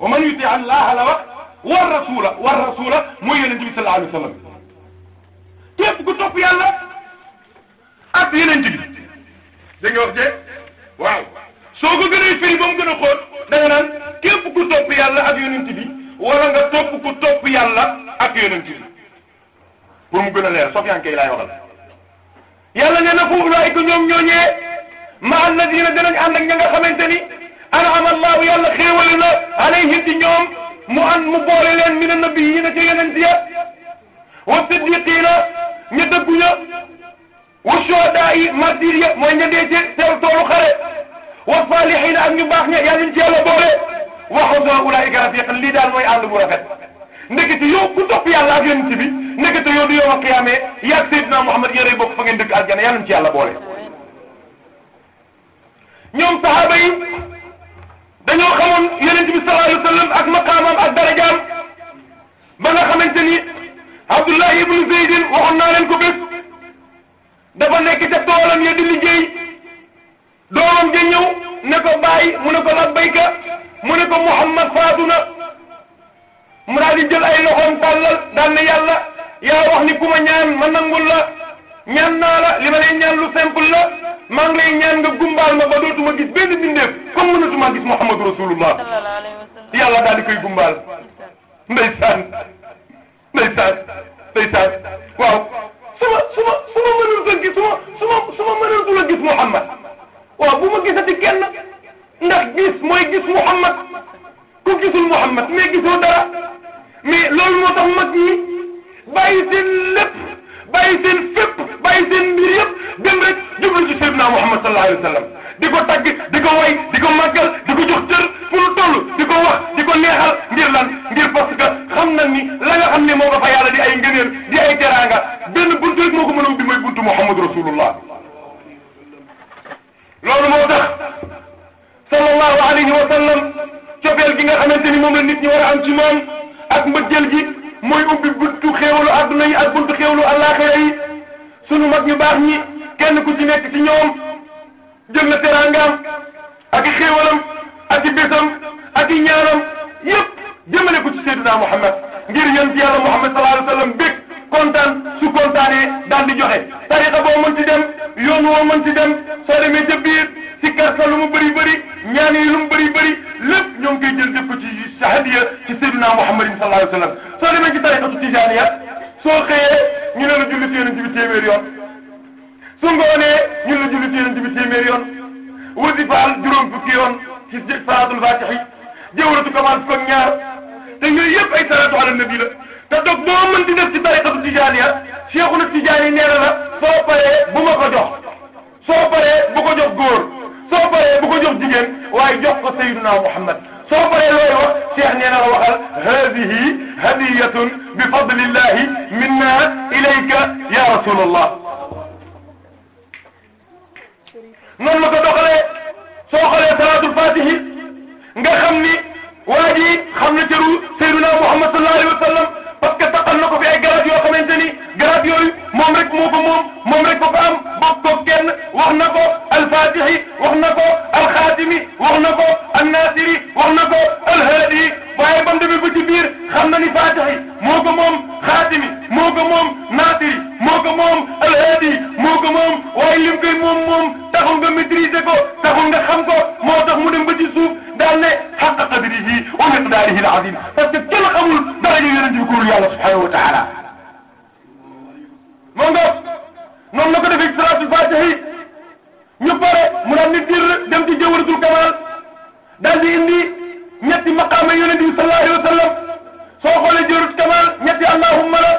wa man yuti Allah la wax war rasula war rasula mooy yonente bi sallallahu alayhi wa sallam képp ku topp yàlla ak yonente bi da nga wax de waaw soo ko gën a firi ba mu gën a xóot da nga naan képp ku topp yàlla ak yonente bi wala nga topp ku topp yàlla ak yonente bi pour mu gën a leer Sofyaan kay laay waxal yàlla nee na fa ulaayika ñoom ñooñee ma alladina dinañ ànd ak ña nga xamante ni an'ama allahu yàlla xéewale na alayhim ci ñoom mu an mu boole leen mina nabiyina ca yeneen ya wa siddiqina ña dëggu ña wa shuhadaa yi martir ya mooy ña dee ci seen toolu xare wa salihina ak ñu baax ña yàlla ñu ci yàlla boole wa xusna ulaika rafiqa lii daal mooy ànd bu rafet ndekete yow ku topp yàlla ak yonent bi ndekete yow du yow a qiyaamee yaag Seydina Muhammad yéenay bokk fa ngeen dëkk aljana yàlla ñu ci yàlla boole ñoom sahaaba dañoo xamoon yonent bi sallallahu alayhi ak maqaamam ak darajaam ba nga xamante Abdullahi ibnu Zeydin waxoon naa leen ko dafa nekk ca toolam ya di liggéey doomam ja ñëw ne ko bàyyi mu ne ko labbayka mu ne faatuna mu daal di jël ay loxoom tàllal daal ne yàlla yaa wax ni ku ma ñaan ma nangul ñaan naa li ma lay ñaan lu simple maa ngi lay ñaan nga gumbaal ma ba gis benn bindeef comme mënatuma gis Muhammadu Rasulullah yàlla daal di koy gumbaal ndeysaan ndeysaan ndeysaan waaw su ma su ma su ma a su ma su ma su ma mënatul a gis Muhammad waaw bu ma gisati kenn ndax gis mooy gis Muhammad ku gisul Muhammad mais gisoo dara mais loolu moo tax mag ñi bàyyi seen lépp bàyyi seen fépp bàyyi seen jublu ci Seydina Muhammad sallallahu alayhi wa sallam di ko tagg di ko way di ko màggal di ko jox cër fu mu toll di ko wax di ko neexal ngir lan ngir parce que xam na ni la nga xam ne moo nga fa yàlla di ay ngëneel di ay teraanga benn buntu rek moo ko mënoon bi mooy buntu Muhammad rasulullah loolu moo tax sallallahu alayhi wa sallam cofeel gi nga xamante ni moom la nit ñi war a am ci moom ak mbëggeel gi mooy ubbi buntu xéewalu adduna yi ak buntu xéewalu àllaaxira yi sunu mag ñu baax ñi kenn ku ci nekk ci ñoom jël na teraangaam ak i xéewalam ak i bésam ak i ñaanam yëpp jëmale ko ci Seydina Muhammad ngir yonent yàlla Muhammad sallallahu alayhi wa sallam bég daal di joxe tarixa boo mën ci dem yoon woo mën ci dem soo demee ca si karsa lu mu bëri bëri ñaan yi bëri bëri lépp ñoo ngi koy jël def ci sahadiya ci Seydina Muhammadin sallallahu alayhi wa sallam soo ci tarixa soo xëyee ñu ne la julli si yonent bi téeméer yoon su ngoonee ñun la julli ci yonent bi téeméer yoon wasifaal juróom fukki yoon ci salaatul faatihi jawratu kamal fukk ak ñaar te yooyu yëpp ay salaatu ala nabi la te dog boo mën di def ci tariqatu tijaaniya cheikhuna tijaani nee na la soo paree bu ma ko jox soo paree bu ko jox góor soo paree bu ko jox jigéen waaye jox ko sayyiduna muhammad soo paree looy wax cheikh nee na la waxal hadihi hadiyatun bi fadlillahi minna ilayka ya rasulullah noonu la ko doxalee soo xoolee salaatul fatihi nga xam ni waa xam na cëru Seydina Muhammad sallallahu alayhi wa sallam que taxal na ko fi ay garab yoo xamante ni garab yooyu moom rek moo ko moom am bokk ko kenn wax na ko alfatihi wax na ko alxaatimi wax na ko annaasiri wax na ko alhaadi waaye ba ci biir xam ni fatihi moo ko moom xaatimi moo ko moom naasiri moo ko moom alhaadi moo ko moom waaye lim koy moom moom taxul nga maîtriser ko taxul nga xam ko moo tax mu dem ba ci suuf daal ne xaqa qadrihi wa miqdaarihi al azim parce que kenn xamul dara ñu yonent bi kuul yàlla subhanahu wa taala moo nga noonu la ko defee salaatul fatiha yi ñu pare mu daan ni dir dem ci jawaratul kamal daal di indi ñetti maqaama yonent bi sallallahu alayhi wa sallam soo xoolee jawaratul kamal ñetti allahumma la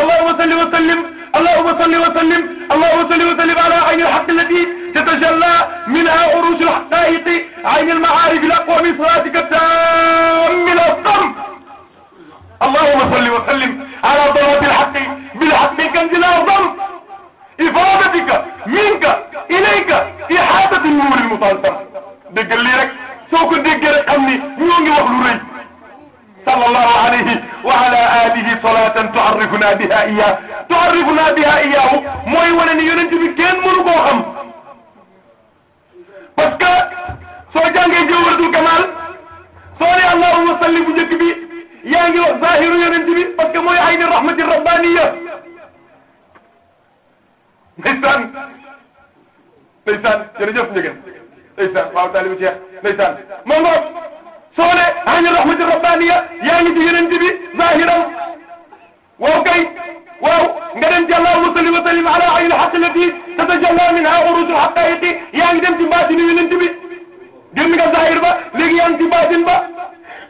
allahumma salli wa sallim allahuma salli wa sallim allahuma salli wa sallim ala ayni alhaq allati tatajalla minha uruj alhaqaiq ayni almaarif alaqwami salatika tammi alafdam allahuma salli wa sallim ala dalwati alhaqi bilhaqi kanzi alafdam ifadatika minka ilayka ihatati nuuri almutantam déggal lii rek soo ko déggee rek xam ni ñoo ngi wax lu rëy sallallahu alayhi wa ala alihi salatan tuarrifuna biha iya tuarrifuna biha iyahu mooy wane ni yonent bi kenn mënu koo xam parce que soo jàngee jawharatul kamal soo ne allahumma salli bu njëkk bi yaa ngi wax zahiru yonent bi parce que mooy ayni rahmati rabbaniya ndeysaan ndeysaan jërëjëf njëgën ndeysaan waaw taalibu Cheikh ndeysaan ma ngoog soo ne ani rahmati rabbaniya yaa ngi ci yonent bi zahiram waaw kay waaw nga dem jàllaa wa salli wa sallim ala ayni xaqilati tatajalla minha urusul xaqaiqi yaa ngi dem ci baatinu yonent bi génn nga zahir ba léegi yaa ngi ci baatin ba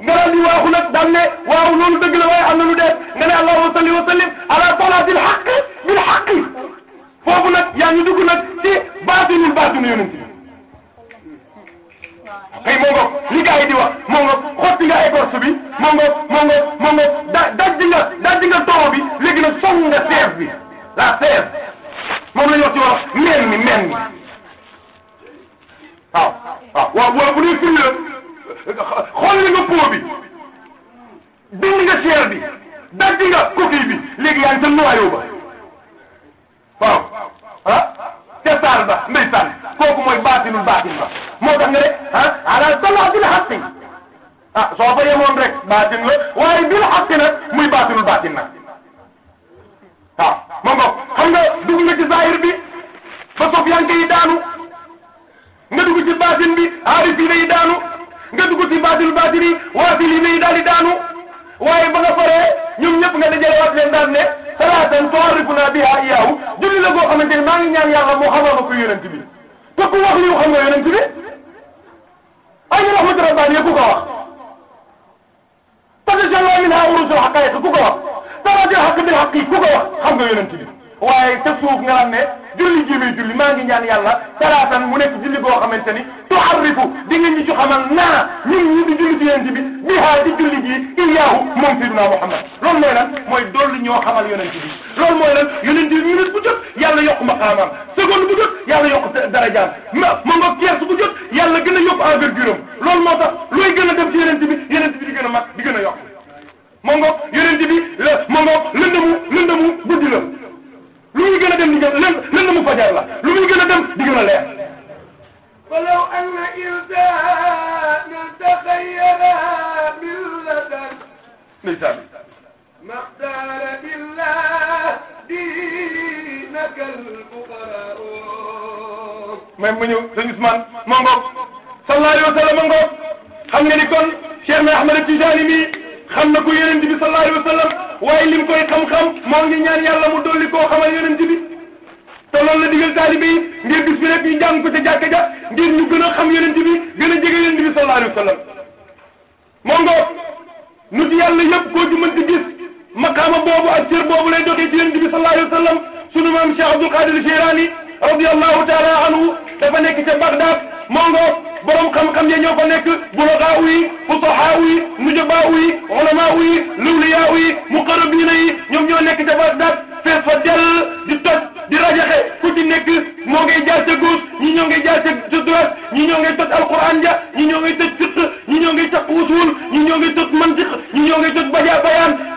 nga daal di waaxu nag daal ne waaw loolu dëgg la waaye am na lu dee nga ne allahumma salli wa sallim ala talaati alxaq bil xaqi foofu nag yaa ngi dugg nag ci baatinu baatinu yonent bi ay moo ngoog li gars yi di wax moo xotti nga écorce bi moo ngoog moo da dajji nga dajji bi léegi song nga seef bi la seef moom la ñu meen mi meen mi waaw waaw waaw wala bu dee firi la nga pot bi dindi nga chair bi dajji nga coquille bi léegi yaa ngi sa ba waaw ah te saal ba ndeysaan kooku mooy baatinul baatin ba moo tax nga rek ah ala bil xaqi ah soo fa yemoon rek baatin la waaye bil xaqi muy baatinul baatin nag waaw ah, ma ngoog nga dugg nga ci bi ba sofyanke daanu nga dugg ci bi aarifina yi daanu nga dugg ci baatinul baatin yi waasilina daanu waaye ba nga faree ñoom ñëpp nga ne salaatan tuarrifuna biha iyahu julli la goo xamante ne maa ngi ñaan yàlla moo xamal ma ko yonent bi te ku wax li xam nga yonent bi ay ñu rahmatu rabbani ku ko wax parce que jalla minha urusul haqaiq ku ko wax taraji haq bil haqi ku ko wax xam nga yonent bi waaye ca suuf nga xam ne julli ji muy julli maa ngi ñaan yàlla salaatan mu nekk julli boo xamante ni tuharrifu di nga ñu ci xamal naa ñun ñi di julli ci yonent bi bihaa di julli ji iyaahu moom sidina Muhammad loolu mooy lan mooy dolli ñoo xamal yonent bi loolu mooy lan yonent bi minute bu jot yàlla yokk maqaamam seconde bu jot yàlla yokk darajaam ma ma nga kees bu jot yàlla gën a yokk envergure am loolu moo tax looy gën a dem ci yonent bi yonent bi di gën a a waaye lim koy xam-xam moo ngi ñaan yàlla mu dolli koo xamal yonent bi te loolu la digal taalibe ngir bis bi rek ñu jàng ko ca jàkka ja ngir ñu gën a xam yonent bi gën a jege yonent bi sallallahu alayhi wa sallam moo boobu ak cër boobu lay doxee ci yonent bi sallallahu alayhi wa sallam sunu Abdul Qadir Jilani radiyallahu taala anhu dafa nekk ca Bagdad moo ngo borom xam-xam ya ñoo fa nekk bulagaaw yi futohaaw yi nujabaaw yi ulamaaw yi luwliyaaw yi muqarrabiina yi ñoom ñoo nekk ca Bagdad fees fa dell di toj di rajaxe ku ci nekk moo ngay jaar ca gauche ñi ñoo ngay jaar ca droite ñi ñoo ngay toj alquran ja ñi ñoo ngay toj fiq ñi ñoo ngay toj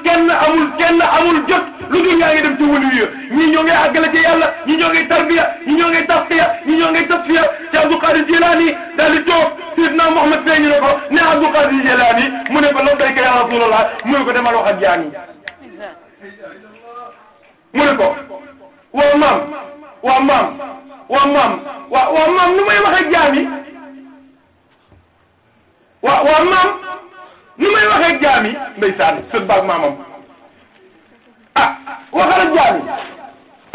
kenn amul kenn amul jot lu dul yaa ngi dem ci wëlu yi ñi ñoo ngay àggale ci yàlla ñi ñoo ngay tarbiya ñi ñoo ngay tasfiya ñi ñoo ngay tasfiya ci Abdou Qadir Jilani daal di toog sidna Muhammad feeñu ne ko ne Abdou Qadir Jilani mu ne ko loolu day ko ya Rasulullah mu ne ko demal wax ak jaam yi mu ne ko waa maam waa maam waa waa maam nu may wax jaam yi waa waa maam nu may wax jaam yi ndeysaan sët baag maamam ah waxal ak jaam yi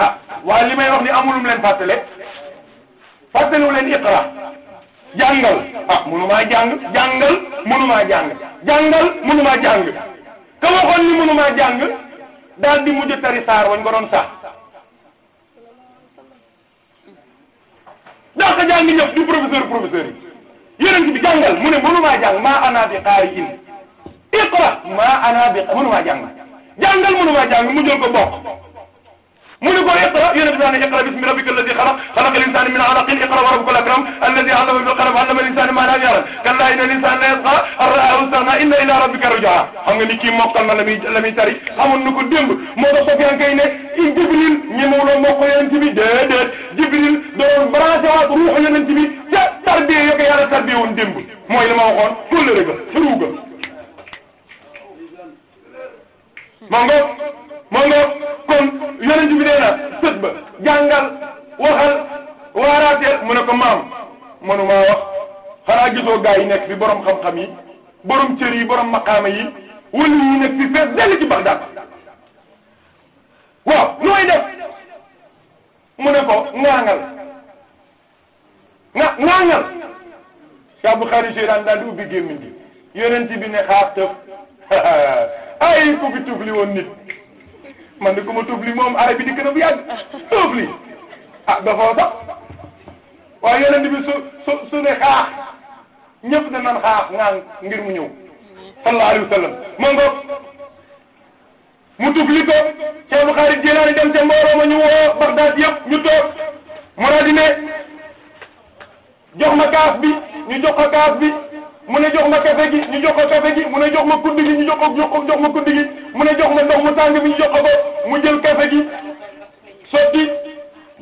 ah waa li may wax ni amulum leen fàttale fàttaliwu leen iqra jàngal ah mënumaa jàng jàngal mënumaa jàng jàngal mënumaa jàng ka waxoon ni mënumaa jàng daal di mujj tari saar wañ ko doon daa ko jàng ñëpp di professeur professeur yi yonent bi jàngal mu ne mënumaa jàng maa ana bi qaari'in iqra maa ana bi mënumaa jàng jàngal mënumaa jàng mu jël ko mu ne ko iqra yonent bi daane iqra bismi rabbika alladi xalaq xalaqal insaana min alaqin iqra wa rabbuka lakram alladi allama bil qalam allama al insaana maa lam ya'lam kallaa inna al insaana la yatghaa an ra'aahu istaghnaa inna ilaa rabbika rujaa xam nga ni kii mokkal na la muy la muy tari xamoon na ko démb moo tax Sofyaan kay ne in Jibril ñemewuloo mokk yonent bi déedéet Jibril doon branché waat ruux yonent bi ca tarbiyee ya ko yàlla tarbiyee woon démb mooy li ma waxoon fulla rëga furuuga ma ngoog ma ngoog kon yonent bi nee na sët ba jàngal waxal waaraateel mu ne ko maam mënumaa wax xanaa gisoo gaa nekk fi borom xam-xam yi borom cër yi borom maqaama yi wala yi nekk fi fees dell ci Bagdad waaw lu may def mu ne ko ŋaaŋal nga ŋaaŋal sa Buxaari Seydaan daal di ubbi gémmiñ gi yonent bi ne xaar tëf (laughs) ay ku fi tufli woon nit man de ku ma tuub moom arab yi dikk na bu yàgg tuub li ah dafoo sax waaye bi su su su ne xaax ñëpp da nan ngir mu ñëw sallallahu alayhi wa sallam ma ngoog mu tuub li toog Cheikh Bukhari Jilaani dem ca mbooloo ma ñu woo Bagdad yëpp ma kaas bi ñu jox mu ne jox ma kafe gi ñu jox kafe gi mu ne jox ma kudd gi ñu jox ma kudd gi mu ne jox ma ndox mu tàng mi ñu jox ko mu jël kafe gi sotti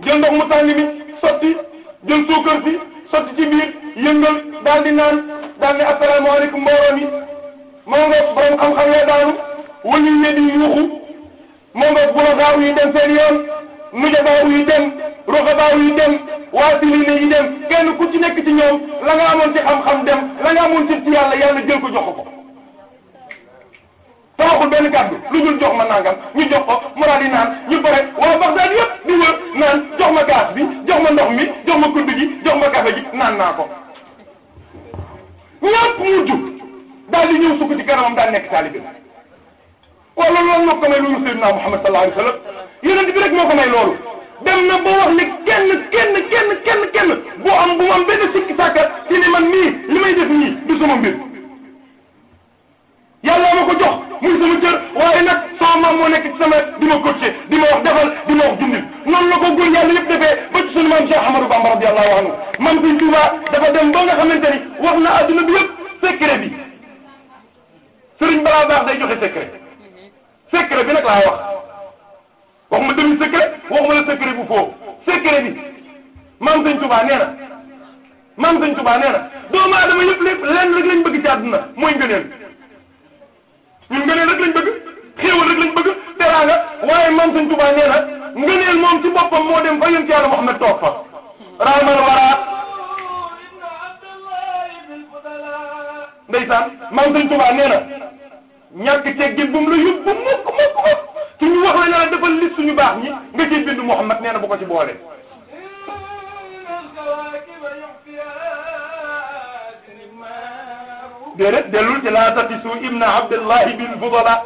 jël ndox mu tàng mi sotti jël suukar si sotti ci biir yëngal daal di naan daal di asalaamaaleykum mbooloo mi moo nga borom xam-xam la daanu wëñuñ yuuxu moo nga bu la gaaw yi dem seen yoon nujabaa yi dem ruxabaa yi dem waa bilina yi dem kenn ku ci nekk ci ñoom la nga amoon ci xam-xam dem la nga amoon ci yàlla yàlla jël ko jox ko te waxul benn kàddu lu dul jox ma nangam ñu jox ko moral yi naan ñu jox ma gaz bi jox ma ndox mi jox ma kudd gi jox ma café gi naan naa ko ñëpp mujj daal di ñëw sukk ci kanamam daal nekk taalibe wala loolu nag ko may loolu Seydina Muhammad sallallahu alayhi wa sallam yonent bi rek moo ko may loolu dem na ba wax ne kenn kenn kenn kenn kenn bu am bu mu am sikki sàkka ci ne man nii li may def nii du sama mbir yàlla ma ko jox muy sama cër waaye nag sama maam moo nekk ci sama di ma coaché di ma wax defal di ma wax dundil noonu la ko góor yàlla yëpp defee ba ci sunu maam Cheikh Amadou Bamba radiyallahu anhu maam Sëñ Tuubaa dafa dem ba nga xamante ni wax na adduna bi yëpp secret bi sëriñ balaa baax day joxe secret secret bi nag laa wax waxuma demi secret waxuma la secret bu foofu secret bi maam Sëñ Tuubaa nee na maam Sëñ Tuubaa nee na doomu aadama yëpp lépp lenn rek lañ bëgg ci àdduna mooy ngëneel ñun ngëneel rek lañ bëgg xéewal rek lañ bëgg teraanga waaye maam Sëñ Tuubaa nee na ngëneel moom ci boppam moo dem fa yéen ci yàlla Muhammad toog fa rahman wara ndeysaan maam Sëñ Tuubaa nee na ñàkk teggin bu mu la yóbbu mukk mukk mukk ki ñu wax la ne la defal liste ñu baax ñi nga ciy bind Muhammad nee na bu ko ci boole. déedéet dellul ci laa tatisu Abdullahi bin Fudala.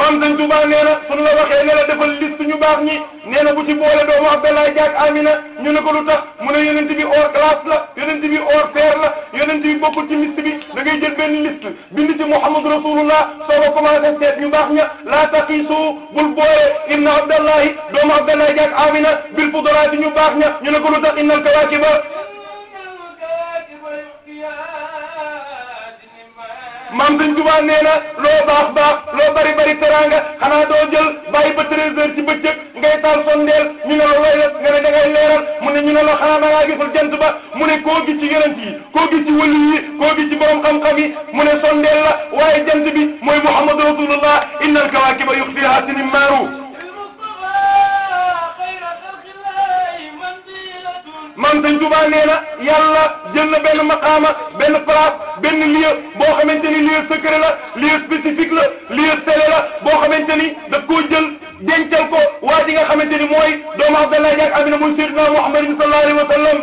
maam Sëñ Tuubaa nee na suñ la waxee ne la defal ñu baax ñi nee na bu ci boole doomu Abdallah jaag Amina ñu ne ko tax mu ne yonent bi hors classe la yonent bi hors pair la yonent bi bokkul ci liste bi da ngay jël benn liste bind ci Muhammad Rasulullah soo ko commencé seet ñu baax ña laa taqiisu bul boole inna Abdallahi doomu Abdallah jaag Amina bil fudalaa ñu baax ña ñu ne ko lu tax innal kawaakiba maam Sëñ Tuubaa nee na loo baax baax loo bari bari teraanga xanaa doo jël bàyyi ba treize heures taal sondeel ñu ne la looy la nga ne da ngay leeral mu ne ñu ne la xanaa da ngaa gisul jant ba mu ne koo gi ci yonent yi koo gi ci wëli yi koo ci borom xam-xam yi mu ne sondeel la waaye jant bi mooy Muhammadu Rasulullah innal kawaakiba yuxfiihaa sinimaaru maam Sëñ Tuubaa nee na na benn maqaama benn place benn lieu boo xamante ni lieu secret la lieu spécifique la lieu scellé la boo xamante ni daf koo jël dencal ko waa ji nga xamante ni mooy doomu Abdallah ak Amina muy Seydina Muhammad sallallahu alayhi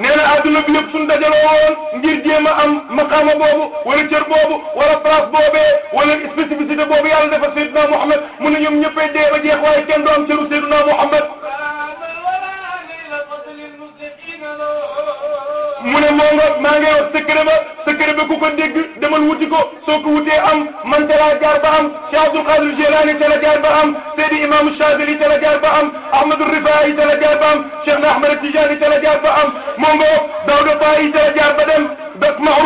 nee na adduna bi yëpp suñ dajaloo woon ngir jéem a am maqaama boobu wala cër boobu wala place boobee wala spécificité boobu yàlla defal Seydina Mouhamed mu ne ñoom ñëppay dee ba jeex waaye kenn du am cëru Seydina Mouhamed mu ne moo nga maa ngay wax secret ba secret ba ku ko dégg demal wuti ko soo ko wutee am man ca laa jaar ba am Cheikh Abdul Qadir Jilani ca la jaar ba am Seydi Imam Chadili ca la jaar ba am Ahmadu Rifaayi ca la jaar ba am Cheikh na Ahmad Tijani ca la jaar ba am moo nga Daouda Faye ca la jaar ba dem